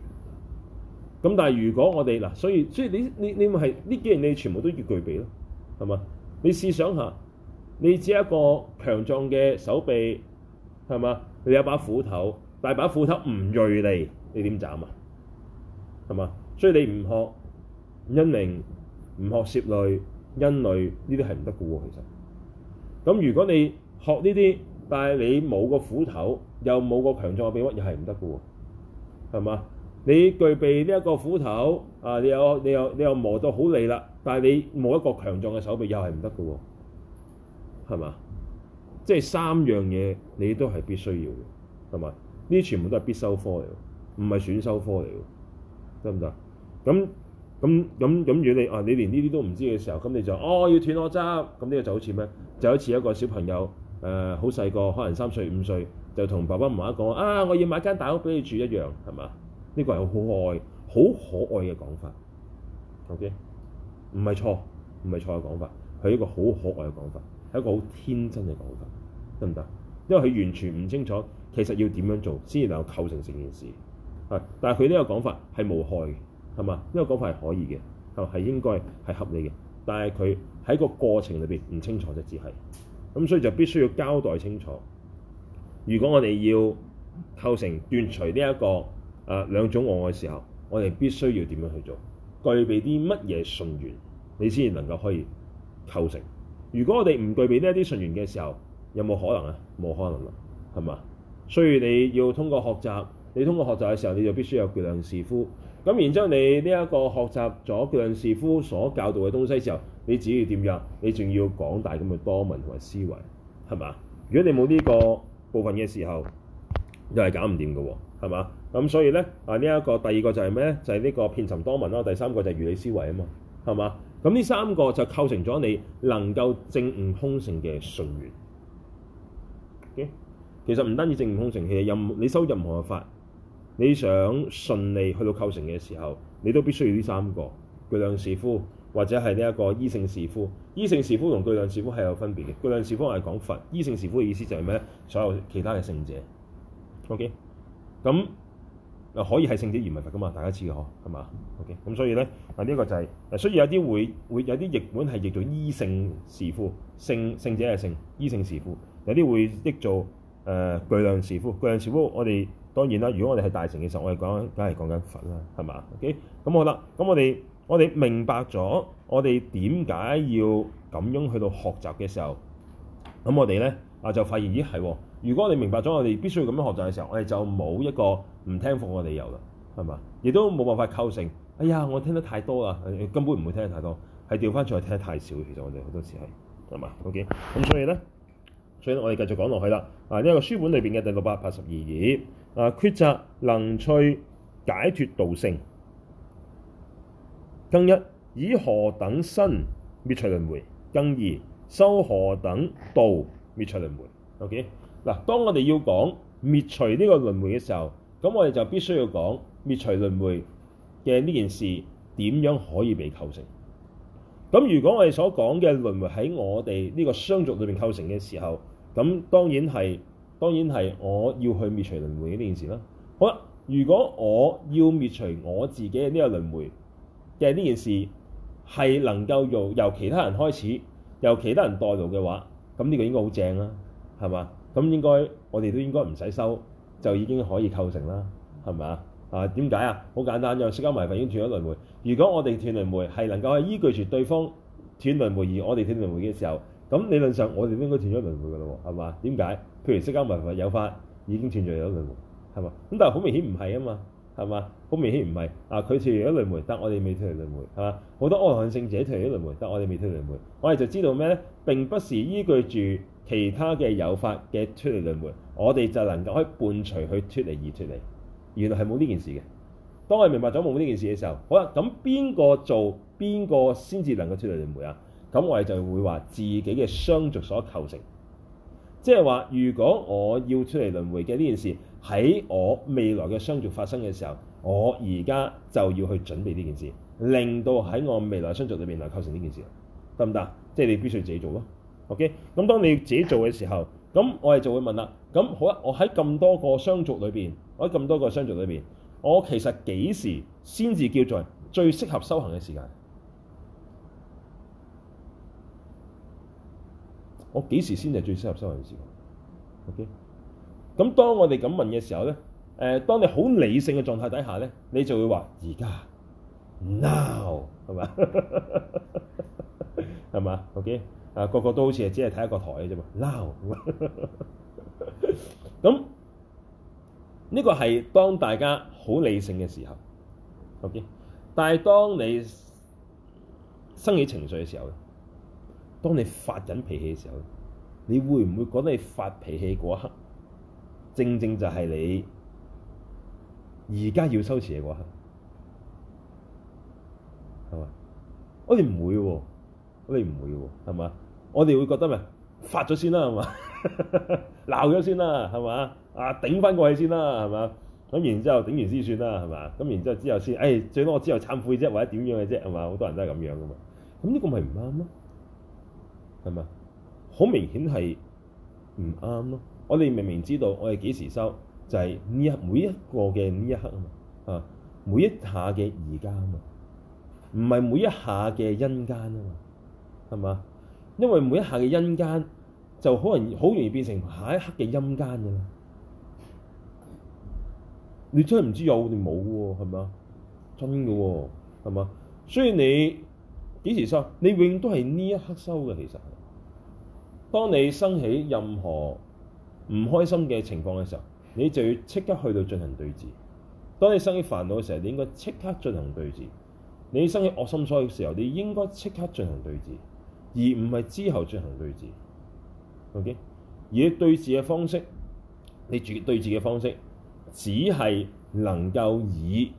咁但係如果我哋嗱，所以所以你你你咪係呢幾樣你全部都要具備咯，係嘛？你試想下，你只一個強壯嘅手臂。係嘛？你有把斧頭，但把斧頭唔鋭利，你點斬啊？係嘛？所以你唔學因明，唔學攝類因類呢啲係唔得嘅喎。其實，咁如果你學呢啲，但係你冇個斧頭，又冇個強壯嘅臂屈，又係唔得嘅喎。係嘛？你具備呢一個斧頭啊，你又你又你又磨到好利啦，但係你冇一個強壯嘅手臂的的，又係唔得嘅喎。係嘛？即係三樣嘢，你都係必須要嘅，係嘛？呢啲全部都係必修科嚟，唔係選修科嚟，得唔得？咁咁咁咁，如果你啊你連呢啲都唔知嘅時候，咁你就哦要斷我執，咁呢個就好似咩？就好似一個小朋友誒，好細個，可能三歲五歲，就同爸爸媽媽講啊，我要買間大屋俾你住一樣，係嘛？呢個係好可愛、好可愛嘅講法。O K，唔係錯，唔係錯嘅講法，係一個好可愛嘅講法，係一個好天真嘅講法。得唔得？因為佢完全唔清楚，其實要點樣做先至能夠構成成件事係。但係佢呢個講法係無害嘅，係嘛？呢個講法係可以嘅，係係應該係合理嘅。但係佢喺個過程裏邊唔清楚，就只係咁，所以就必須要交代清楚。如果我哋要構成斷除呢一個誒兩、呃、種案嘅時候，我哋必須要點樣去做？具備啲乜嘢信源，你先至能夠可以構成。如果我哋唔具備呢一啲信源嘅時候，有冇可能啊？冇可能啦、啊，係嘛？所以你要通過學習，你通過學習嘅時候，你就必須有具量士夫。咁然之後，你呢一個學習咗具量士夫所教導嘅東西嘅時候，你只要點樣？你仲要廣大咁嘅多聞同埋思維，係嘛？如果你冇呢個部分嘅時候，又係搞唔掂嘅喎，係嘛？咁所以咧啊，呢、這、一個第二個就係咩就係、是、呢個片尋多聞啦。第三個就係如理思維啊嘛，係嘛？咁呢三個就構成咗你能夠證悟空性嘅順緣。Okay. 其實唔單止正悟空成器，其實任你修任何法，你想順利去到構成嘅時候，你都必須要呢三個具量士夫，或者係呢一個依性士夫。依性士夫同具量士夫係有分別嘅。具量士夫係講佛，依性士夫嘅意思就係咩？所有其他嘅聖者。O K，咁啊可以係聖者而唔係佛噶嘛？大家知嘅呵，係嘛？O K，咁所以咧，嗱呢一個就係、是、所以有啲會會有啲譯本係譯做依性士夫，聖聖者係聖，依性士夫。有啲會益做誒巨量士夫，巨量士夫，我哋當然啦。如果我哋係大乘嘅時候，我哋講緊梗係講緊佛啦，係嘛？OK，咁好啦。咁我哋我哋明白咗，我哋點解要咁樣去到學習嘅時候，咁我哋咧啊就發現咦係。如果你明白咗，我哋必須要咁樣學習嘅時候，我哋就冇一個唔聽佛嘅理由啦，係嘛？亦都冇辦法構成。哎呀，我聽得太多啦，根本唔會聽得太多，係調翻轉聽得太少。其實我哋好多時係係嘛？OK，咁所以咧。所以我哋繼續講落去啦。啊，呢個書本裏邊嘅第六百八十二頁，啊，抉擇能趣解脱道性。更一以何等身滅除輪回？更二修何等道滅除輪回？OK，嗱，當我哋要講滅除呢個輪回嘅時候，咁我哋就必須要講滅除輪回嘅呢件事點樣可以被構成。咁如果我哋所講嘅輪回喺我哋呢個商族裏邊構成嘅時候，咁當然係，當然係我要去滅除輪迴呢件事啦。好啦，如果我要滅除我自己嘅呢個輪迴嘅呢件事，係能夠由由其他人開始，由其他人代勞嘅話，咁呢個應該好正啦，啊，係嘛？咁應該我哋都應該唔使收，就已經可以構成啦，係咪啊？啊，點解啊？好簡單，又釋迦埋份已經斷咗輪迴。如果我哋斷輪迴係能夠係依據住對方斷輪迴而我哋斷輪迴嘅時候。咁理論上，我哋應該斷咗輪迴噶咯喎，係嘛？點解？譬如釋迦牟尼佛有法已經斷咗輪迴，係嘛？咁但係好明顯唔係啊嘛，係嘛？好明顯唔係。啊，佢斷咗輪迴，但我哋未斷咗輪迴，係嘛？好多阿羅漢聖者斷咗輪迴，但我哋未斷輪迴。我哋就知道咩咧？並不是依據住其他嘅有法嘅斷咗輪迴，我哋就能夠可以伴隨去斷離而斷離。原來係冇呢件事嘅。當我哋明白咗冇呢件事嘅時候，好啦，咁邊個做邊個先至能夠斷離輪迴啊？咁我哋就會話自己嘅相續所構成，即係話如果我要出嚟輪迴嘅呢件事，喺我未來嘅相續發生嘅時候，我而家就要去準備呢件事，令到喺我未來相續裏面來構成呢件事，得唔得？即係你必須自己做咯。OK，咁當你自己做嘅時候，咁我哋就會問啦。咁好啦，我喺咁多個相續裏邊，我喺咁多個相續裏邊，我其實幾時先至叫做最適合修行嘅時間？我幾時先係最適合生活嘅時間？OK 咁當我哋咁問嘅時候咧，誒、呃，當你好理性嘅狀態底下咧，你就會話而家 now 係嘛，係嘛？OK，啊個個都好似係只係睇一個台嘅啫嘛 now 咁 呢、呢個係當大家好理性嘅時候 OK，但係當你生起情緒嘅時候呢。當你發緊脾氣嘅時候，你會唔會覺得你發脾氣嗰一刻，正正就係你而家要收錢嘅嗰刻，係嘛？我哋唔會喎，我哋唔會喎，係嘛？我哋會覺得咪發咗先啦，係嘛？鬧咗先啦，係嘛？啊，頂翻過去先啦，係嘛？咁然之後頂完先算啦，係嘛？咁然之後之後先，誒、哎，最多我之後慚愧啫，或者點樣嘅啫，係嘛？好多人都係咁樣噶嘛。咁呢個咪唔啱咯。係嘛？好明顯係唔啱咯！我哋明明知道我哋幾時收，就係呢一每一個嘅呢一刻啊嘛，啊每一下嘅而家啊嘛，唔係每一下嘅陰間啊嘛，係嘛？因為每一下嘅陰間就可能好容易變成下一刻嘅陰間噶啦。你真係唔知有定冇喎，係咪啊？真嘅喎，係嘛？所以你幾時收？你永遠都係呢一刻收嘅，其實。當你生起任何唔開心嘅情況嘅時候，你就要即刻去到進行對治。當你生起煩惱嘅時候，你應該即刻進行對治。你生起惡心所嘅時候，你應該即刻進行對治，而唔係之後進行對治。O.K. 而對治嘅方式，你絕對對治嘅方式，只係能夠以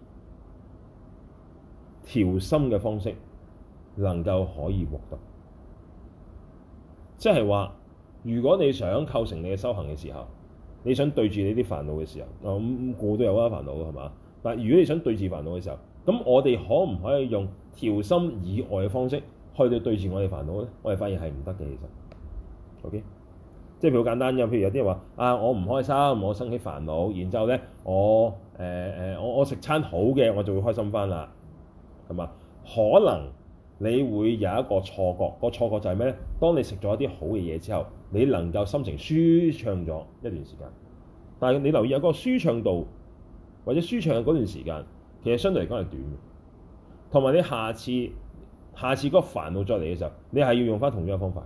調心嘅方式，能夠可以獲得。即係話，如果你想構成你嘅修行嘅時候，你想對住你啲煩惱嘅時候，咁、嗯、我、嗯、都有啊煩惱嘅係嘛？但係如果你想對住煩惱嘅時候，咁我哋可唔可以用調心以外嘅方式去到對住我哋煩惱咧？我哋發現係唔得嘅其實。OK，即係譬如好簡單嘅，譬如有啲人話啊，我唔開心，我生起煩惱，然之後咧，我誒誒、呃，我我食餐好嘅，我就會開心翻啦，係嘛？可能。你會有一個錯覺，個錯覺就係咩咧？當你食咗一啲好嘅嘢之後，你能夠心情舒暢咗一段時間，但係你留意有個舒暢度，或者舒暢嘅嗰段時間，其實相對嚟講係短嘅。同埋你下次下次嗰個煩惱再嚟嘅時候，你係要用返同樣嘅方法，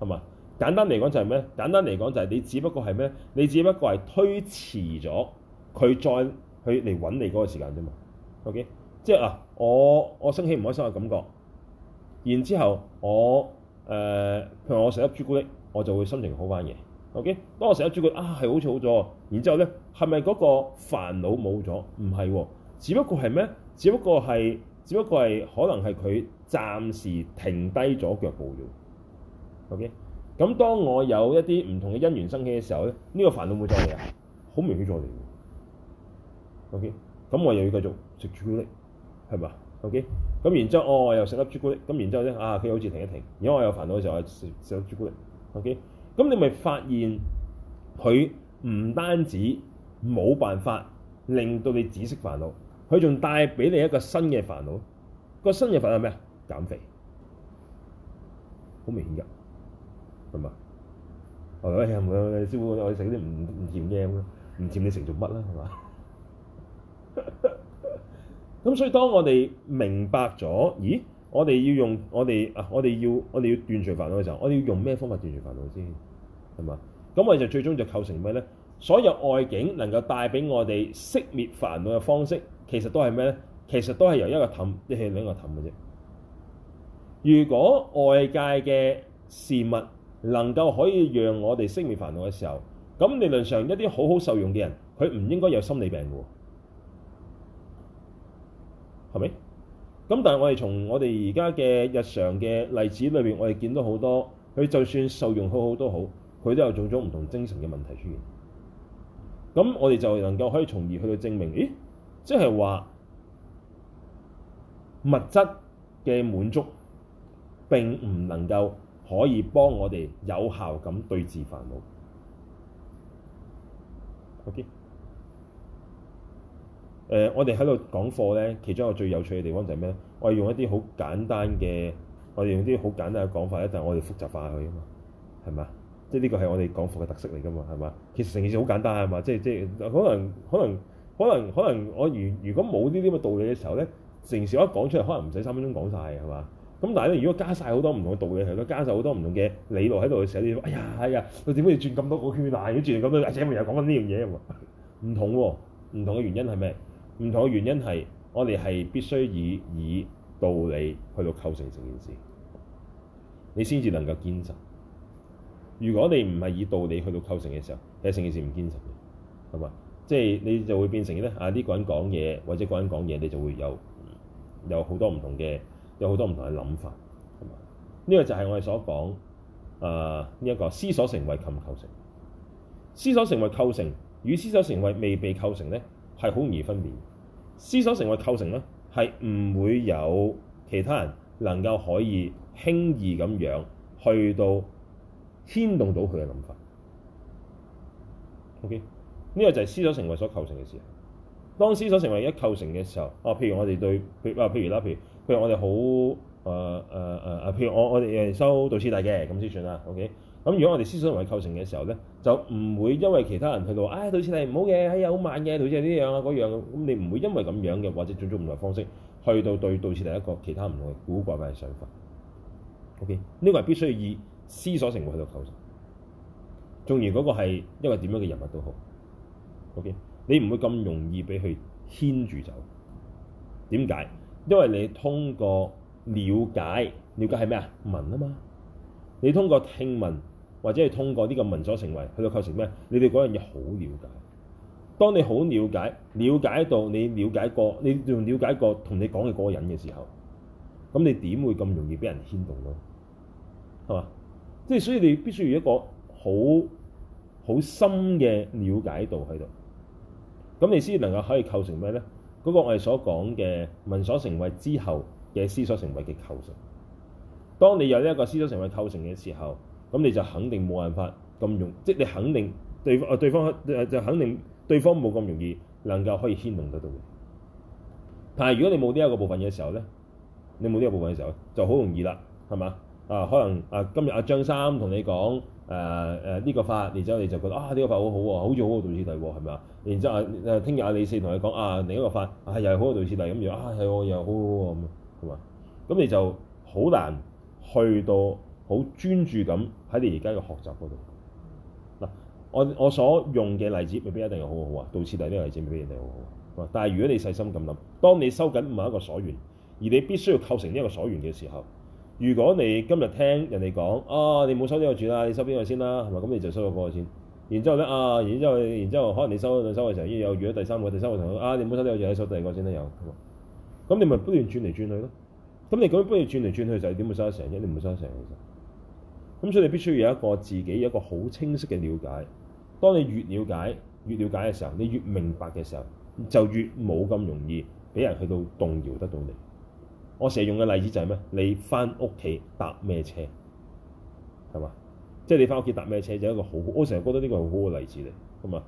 係咪？簡單嚟講就係咩？簡單嚟講就係你只不過係咩？你只不過係推遲咗佢再去嚟揾你嗰個時間啫嘛。OK，即係啊，我我升起唔開心嘅感覺。然之後我，呃、譬如我誒佢話我食咗朱古力，我就會心情好翻嘢。OK，當我食咗朱古力，啊係好似好咗。然之後咧，係咪嗰個煩惱冇咗？唔係喎，只不過係咩？只不過係，只不過係，可能係佢暫時停低咗腳步啫。OK，咁當我有一啲唔同嘅因緣生起嘅時候咧，呢、這個煩惱冇咗未啊？好明顯再嚟嘅。OK，咁我又要繼續食朱古力，係嘛？O.K. 咁然之後，哦我又食粒朱古力，咁然之後咧啊，佢好似停一停。而家我有煩惱嘅時候，我食食粒朱古力。O.K. 咁你咪發現佢唔單止冇辦法令到你止息煩惱，佢仲帶俾你一個新嘅煩惱。個新嘅煩惱係咩？減肥，好明顯嘅，係嘛？喂，唔好你師傅，我哋食啲唔唔甜嘅咁，唔甜，你食做乜啦？係嘛？ 咁所以當我哋明白咗，咦？我哋要用我哋啊，我哋要我哋要斷除煩惱嘅時候，我哋要用咩方法斷除煩惱先？係嘛？咁我哋就最終就構成咩咧？所有外境能夠帶俾我哋熄滅煩惱嘅方式，其實都係咩咧？其實都係由一個氹，一係兩個氹嘅啫。如果外界嘅事物能夠可以讓我哋熄滅煩惱嘅時候，咁理論上一啲好好受用嘅人，佢唔應該有心理病嘅喎。係咪？咁但係我哋從我哋而家嘅日常嘅例子裏邊，我哋見到好多，佢就算受用好好都好，佢都有種種唔同精神嘅問題出現。咁我哋就能夠可以從而去到證明，咦，即係話物質嘅滿足並唔能夠可以幫我哋有效咁對治煩惱。OK。誒、呃，我哋喺度講課咧，其中一個最有趣嘅地方就係咩？我哋用一啲好簡單嘅，我哋用啲好簡單嘅講法咧，但係我哋複雜化佢啊嘛，係嘛？即係呢個係我哋講課嘅特色嚟噶嘛，係嘛？其實成件事好簡單，係嘛？即係即係可能可能可能可能，可能我如如果冇呢啲咁嘅道理嘅時候咧，成件事我一講出嚟可能唔使三分鐘講晒嘅，係嘛？咁但係咧，如果加晒好多唔同嘅道理，如果加晒好多唔同嘅理路喺度去寫啲嘢，哎呀哎呀，佢點解要轉咁多個圈啊？如果轉咁多，而且咪又講緊呢樣嘢唔同喎、啊，唔同嘅原因係咩？唔同嘅原因係，我哋係必須以以道理去到構成成件事，你先至能夠堅實。如果你唔係以道理去到構成嘅時候，其實成件事唔堅實嘅，係嘛？即係你就會變成咧啊！呢個人講嘢，或者嗰人講嘢，你就會有有好多唔同嘅，有好多唔同嘅諗法，係嘛？呢個就係我哋所講啊呢一個思索成為構唔構成，思索成為構成與思所成為未被構成咧。係好容易分辨，思想成為構成咧，係唔會有其他人能夠可以輕易咁樣去到牽動到佢嘅諗法。OK，呢個就係思想成為所構成嘅事。當思想成為一構成嘅時候，啊，譬如我哋對，譬如啦，譬如，譬如我哋好，誒誒誒。呃呃譬如我我哋收導師弟嘅，咁先算啦，OK。咁如果我哋思索為構成嘅時候咧，就唔會因為其他人去到，唉導師弟唔好嘅，哎呀好慢嘅導師呢樣啊嗰樣，咁你唔會因為咁樣嘅或者種種唔同嘅方式去到對導師弟一個其他唔同嘅古怪嘅想法。OK，呢個係必須要以思索成為去到構成。仲如嗰個係一個點樣嘅人物都好，OK，你唔會咁容易俾佢牽住走。點解？因為你通過。了解，了解係咩啊？聞啊嘛，你通過聽聞或者係通過呢個聞所成為去到構成咩？你哋嗰樣嘢好了解。當你好了解，了解到你了解過，你仲了解過同你講嘅嗰個人嘅時候，咁你點會咁容易俾人牽動咯？係嘛？即係所以，你必須要一個好好深嘅了解度喺度，咁你先能夠可以構成咩咧？嗰個我哋所講嘅聞所成為之後。嘅思想成為嘅構成，當你有呢一個思想成為構成嘅時候，咁你就肯定冇辦法咁容易，即、就、係、是、你肯定對啊對方就肯定對方冇咁容易能夠可以牽動得到嘅。但係如果你冇呢一個部分嘅時候咧，你冇呢個部分嘅時候就好容易啦，係嘛啊？可能啊，今日阿、啊、張三同你講誒誒呢個法，然之後你就覺得啊呢、這個法好好、啊、喎，好似好個導師弟喎，係咪啊，啊？然之後啊，聽日阿李四同你講啊另一個法，係又係好個導師弟咁樣啊，係我又好又好喎咁咁你就好難去到好專注咁喺你而家嘅學習嗰度。嗱，我我所用嘅例子未必一定係好好啊，道次第呢啲例子未必一定係好好。但係如果你細心咁諗，當你收緊某一個所緣，而你必須要構成呢一個所緣嘅時候，如果你今日聽人哋講啊，你冇收呢個住啦，你收邊個先啦？係嘛？咁你就收咗嗰個先。然之後咧啊，然之後，然之後，後可能你收收嘅時候，咦，又遇咗第三個第三個同學啊，你冇收呢個住，你收第二個先啦又。咁你咪不斷轉嚟轉去咯，咁你咁不斷轉嚟轉去，就點會收得成啫？你唔會收得成嘅。咁所以你必須有一個自己有一個好清晰嘅了解。當你越了解、越了解嘅時候，你越明白嘅時候，就越冇咁容易俾人去到動搖得到你。我成日用嘅例子就係咩？你翻屋企搭咩車，係嘛？即係你翻屋企搭咩車就係一個好，我成日覺得呢個係好好嘅例子嚟，係嘛？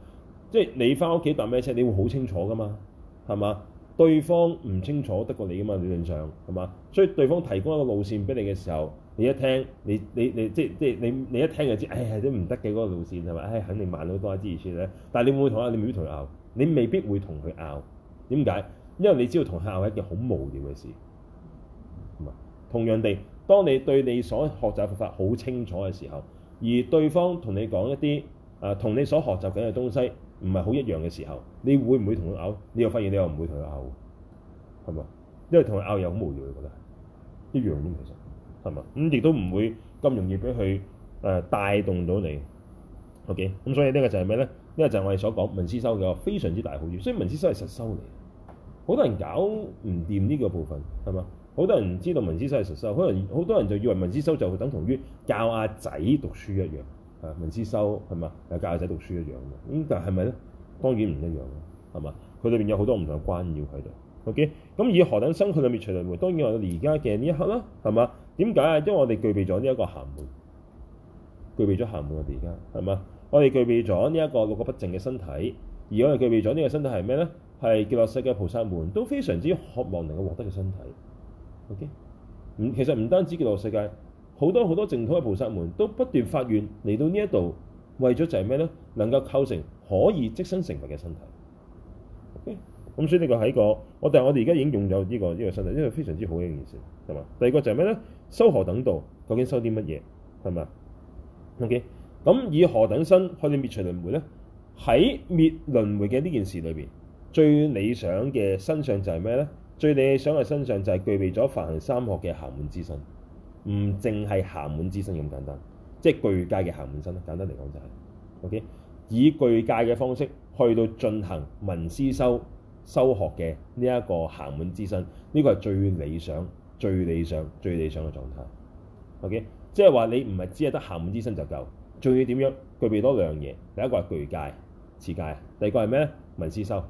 即係你翻屋企搭咩車，你會好清楚㗎嘛，係嘛？對方唔清楚得過你噶嘛？理論上，係嘛？所以對方提供一個路線俾你嘅時候，你一聽，你你你即即你你，你一聽就知，哎係啲唔得嘅嗰個路線係咪？哎肯定慢好多之而先咧。但係你會唔會同啊？你未必同佢拗，你未必會同佢拗。點解？因為你知道同佢拗係一件好無聊嘅事。同樣地，當你對你所學習嘅佛法好清楚嘅時候，而對方同你講一啲誒同你所學習緊嘅東西。唔係好一樣嘅時候，你會唔會同佢拗？你又發現你又唔會同佢拗，係嘛？因為同佢拗又好無聊，我覺得一樣咯，其實係嘛？咁亦都唔會咁容易畀佢帶動到你。OK，咁所以呢個就係咩咧？呢、呢個就係我哋所講聞思修嘅一個非常之大好處。所以聞思修係實修嚟，好多人搞唔掂呢個部分係嘛？好多人知道聞思修係實修，可能好多人就以為聞思修就等同於教阿仔讀書一樣。文思修，收係嘛？有教仔讀書一樣嘅，咁但係咪咧？當然唔一樣咯，係嘛？佢裏邊有多裡好多唔同嘅關要喺度。OK，咁以何等身去裏面滅除輪回，當然話到而家嘅呢一刻啦，係嘛？點解啊？因為我哋具備咗呢一個閤門，具備咗閤門，我哋而家係嘛？我哋具備咗呢一個六個不淨嘅身體，而我哋具備咗呢個身體係咩咧？係極樂世界菩薩門都非常之渴望能夠獲得嘅身體。OK，唔其實唔單止極樂世界。好多好多正統嘅菩薩們都不斷發願嚟到呢一度，為咗就係咩咧？能夠構成可以即生成佛嘅身體。咁、okay? 所以呢個係一個，我但係我哋而家已經用咗呢、這個呢、這個身體，因為非常之好嘅一件事，係嘛？第二個就係咩咧？修何等道？究竟修啲乜嘢？係咪 OK。咁、okay? 以何等身可以滅除輪迴咧？喺滅輪迴嘅呢件事裏邊，最理想嘅身上就係咩咧？最理想嘅身上就係具備咗凡行三學嘅行門之身。唔淨係暇滿之身咁簡單，即係具戒嘅暇滿身咧。簡單嚟講就係、是、，OK，以具戒嘅方式去到進行聞思修修學嘅呢一個暇滿之身，呢個係最理想、最理想、最理想嘅狀態。OK，即係話你唔係只係得暇滿之身就夠，仲要點樣？具備多兩樣嘢。第一個係具戒、持戒；第二個係咩咧？聞思修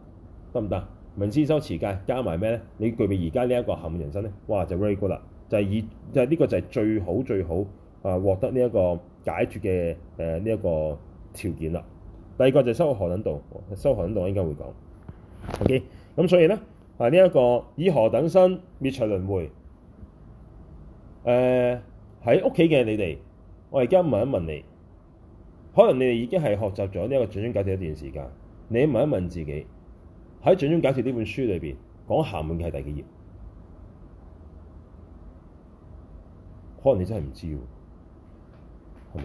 得唔得？聞思修持戒。加埋咩咧？你具備而家呢一個暇滿人生咧，哇就 very good 啦！就係以就係、是、呢個就係最好最好啊獲得呢一個解脫嘅誒呢一個條件啦。第二個就係修學何等道、哦，修學何等道我應該會,會講。OK，咁所以咧啊呢一、這個以何等身滅除輪迴誒喺屋企嘅你哋，我而家問一問你，可能你哋已經係學習咗呢個準宗解脫一段時間，你問一問自己喺準宗解脫呢本書裏邊講暇滿嘅係第幾頁？可能你真係唔知喎，係咪？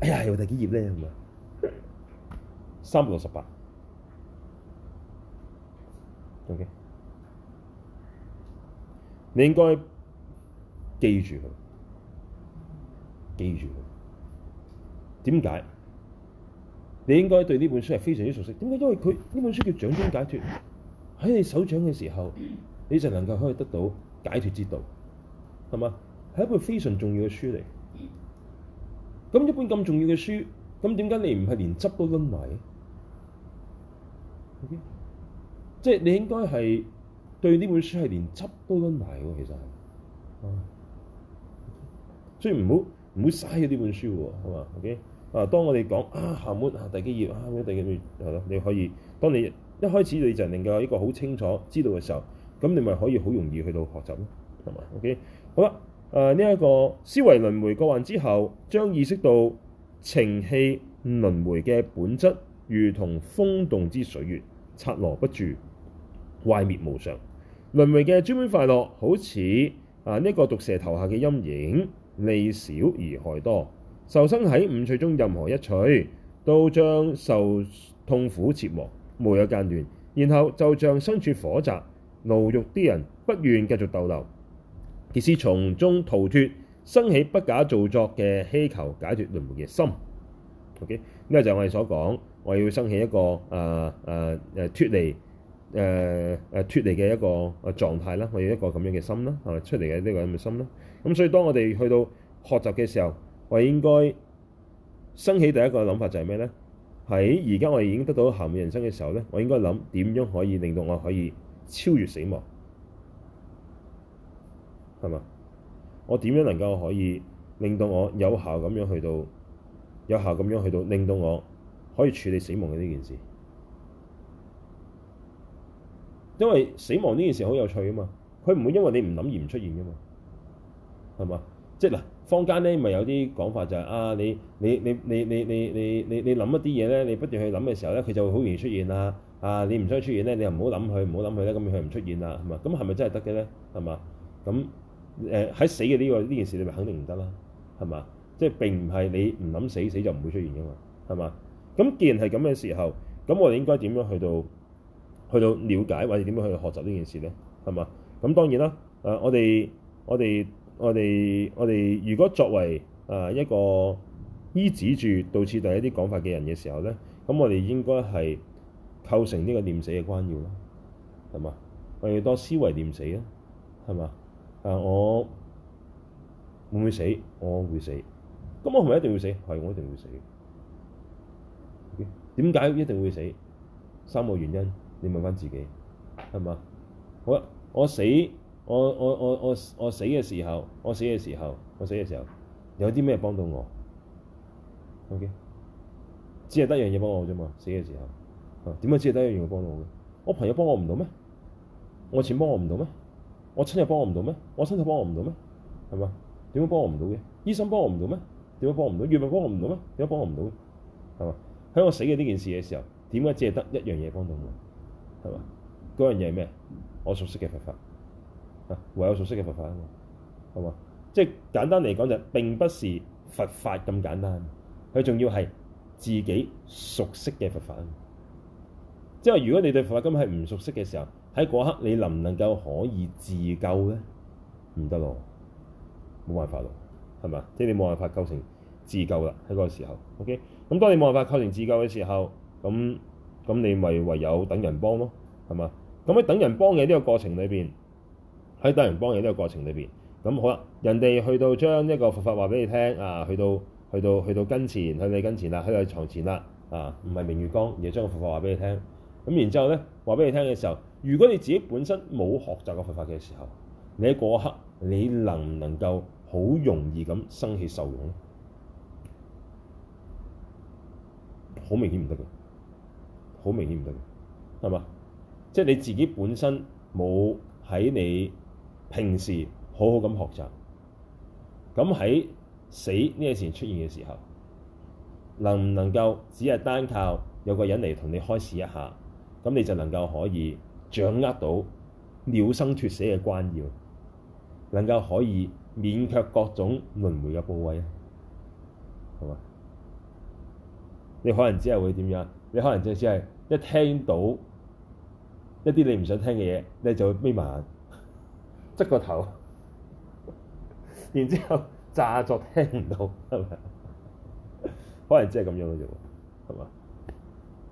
哎呀，又第幾頁咧？係咪？三百六十八，OK。你應該記住佢，記住佢。點解？你應該對呢本書係非常之熟悉。點解？因為佢呢本書叫掌中解脫，喺你手掌嘅時候，你就能夠可以得到解脫之道，係嘛？係一本非常重要嘅書嚟，咁一本咁重要嘅書，咁點解你唔係連執都拎埋？O K，即係你應該係對呢本書係連執都拎埋喎，其實係，啊、okay?，所以唔好唔好嘥咗呢本書喎，好嘛？O K，啊，當我哋講啊，下面啊，第幾頁啊，第幾頁係咯，你可以，當你一開始你就能夠一個好清楚知道嘅時候，咁你咪可以好容易去到學習咯，係嘛？O K，好啦。Okay? 好誒呢一個思維輪迴過患之後，將意識到情器輪迴嘅本質，如同風動之水月，擦羅不住，壞滅無常。輪迴嘅專門快樂，好似啊呢、這個毒蛇投下嘅陰影，利少而害多。受生喺五趣中任何一趣，都將受痛苦折磨，無有間斷。然後就像身處火宅，牢獄啲人不願繼續逗留。即使從中逃脫，生起不假造作嘅希求解脫輪迴嘅心。OK，呢個就係我哋所講，我要生起一個誒誒誒脫離誒誒、呃、脫離嘅一個狀態啦，我要一個咁樣嘅心啦，係咪出嚟？嘅呢個咁嘅心啦？咁所以當我哋去到學習嘅時候，我應該生起第一個諗法就係咩咧？喺而家我哋已經得到暇滿人生嘅時候咧，我應該諗點樣可以令到我可以超越死亡？係嘛？我點樣能夠可以令到我有效咁樣去到有效咁樣去到令到我可以處理死亡嘅呢件事？因為死亡呢件事好有趣啊嘛，佢唔會因為你唔諗而唔出現噶嘛，係嘛？即係嗱，坊間咧咪有啲講法就係啊，你你你你你你你你諗一啲嘢咧，你不斷去諗嘅時候咧，佢就會好容易出現啦！啊，你唔想出現咧，你又唔好諗佢，唔好諗佢咧，咁佢唔出現啦，係嘛？咁係咪真係得嘅咧？係嘛？咁誒喺、呃、死嘅呢、這個呢件事，你咪肯定唔得啦，係嘛？即係並唔係你唔諗死，死就唔會出現嘅嘛，係嘛？咁既然係咁嘅時候，咁我哋應該點樣去到去到了解，或者點樣去學習呢件事咧？係嘛？咁當然啦，誒、呃、我哋我哋我哋我哋，我如果作為誒、呃、一個依止住道次第一啲講法嘅人嘅時候咧，咁我哋應該係構成呢個念死嘅關要啦，係嘛？我哋要多思維念死啊，係嘛？誒、啊、我會唔會死？我會死。咁我係咪一定要死？係我一定要死。Okay? 點解一定會死？三個原因，你問翻自己，係嘛？我我死，我我我我我死嘅時候，我死嘅時候，我死嘅時，時候，有啲咩幫到我？O.K. 只係得一樣嘢幫我啫嘛。死嘅時候，啊、點解只係得一樣嘢幫到我嘅？我朋友幫我唔到咩？我錢幫我唔到咩？我親日幫我唔到咩？我親日幫我唔到咩？係嘛？點解幫我唔到嘅？醫生幫我唔到咩？點解幫我唔到？藥物幫我唔到咩？點解幫我唔到？係嘛？喺我死嘅呢件事嘅時候，點解只係得一樣嘢幫到我？係嘛？嗰樣嘢係咩？我熟悉嘅佛法啊，唯有熟悉嘅佛法啊嘛，係嘛？即係簡單嚟講，就並不是佛法咁簡單，佢仲要係自己熟悉嘅佛法啊嘛。即係如果你對佛法根本係唔熟悉嘅時候。喺嗰刻你能唔能夠可以自救咧？唔得咯，冇辦法咯，係咪？即係你冇辦法構成自救啦。喺嗰個時候，OK。咁當你冇辦法構成自救嘅時候，咁咁你咪唯有等人幫咯，係嘛？咁喺等人幫嘅呢個過程裏邊，喺等人幫嘅呢個過程裏邊，咁好啦，人哋去到將一個佛法話俾你聽啊，去到去到去到跟前，去你跟前啦，去到你床前啦啊，唔係明月光，而係將個佛法話俾你聽。咁然之後咧，話畀你聽嘅時候，如果你自己本身冇學習嘅方法嘅時候，你喺嗰一刻，你能唔能夠好容易咁生起受用咧？好明顯唔得嘅，好明顯唔得嘅，係嘛？即係你自己本身冇喺你平時好好咁學習，咁喺死呢件事出現嘅時候，能唔能夠只係單靠有個人嚟同你開示一下？咁你就能夠可以掌握到了生脱死嘅關要，能夠可以免卻各種輪迴嘅怖畏。係嘛？你可能只係會點樣？你可能就只係一聽到一啲你唔想聽嘅嘢，你就會眯埋眼，側個頭，然之後詐作聽唔到，可能只係咁樣啫喎，係嘛？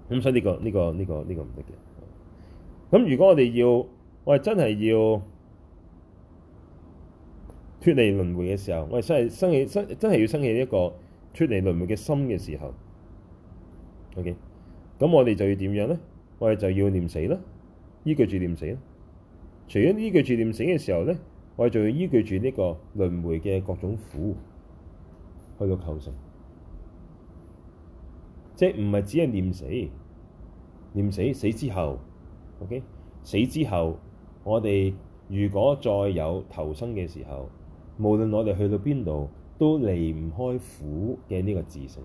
咁、嗯、所以呢、呢個呢、呢個呢、呢個呢、呢個唔得嘅。咁如果我哋要，我哋真係要脫離輪迴嘅時候，我哋真係生起真真要生起一個脫離輪迴嘅心嘅時候。OK，咁我哋就要點樣咧？我哋就要念死啦，依據住念死啦。除咗依據住念死嘅時候咧，我哋仲要依據住呢個輪迴嘅各種苦去到求神。即係唔係只係念死，念死死之後，OK，死之後，我哋如果再有投生嘅時候，無論我哋去到邊度，都離唔開苦嘅呢個自性。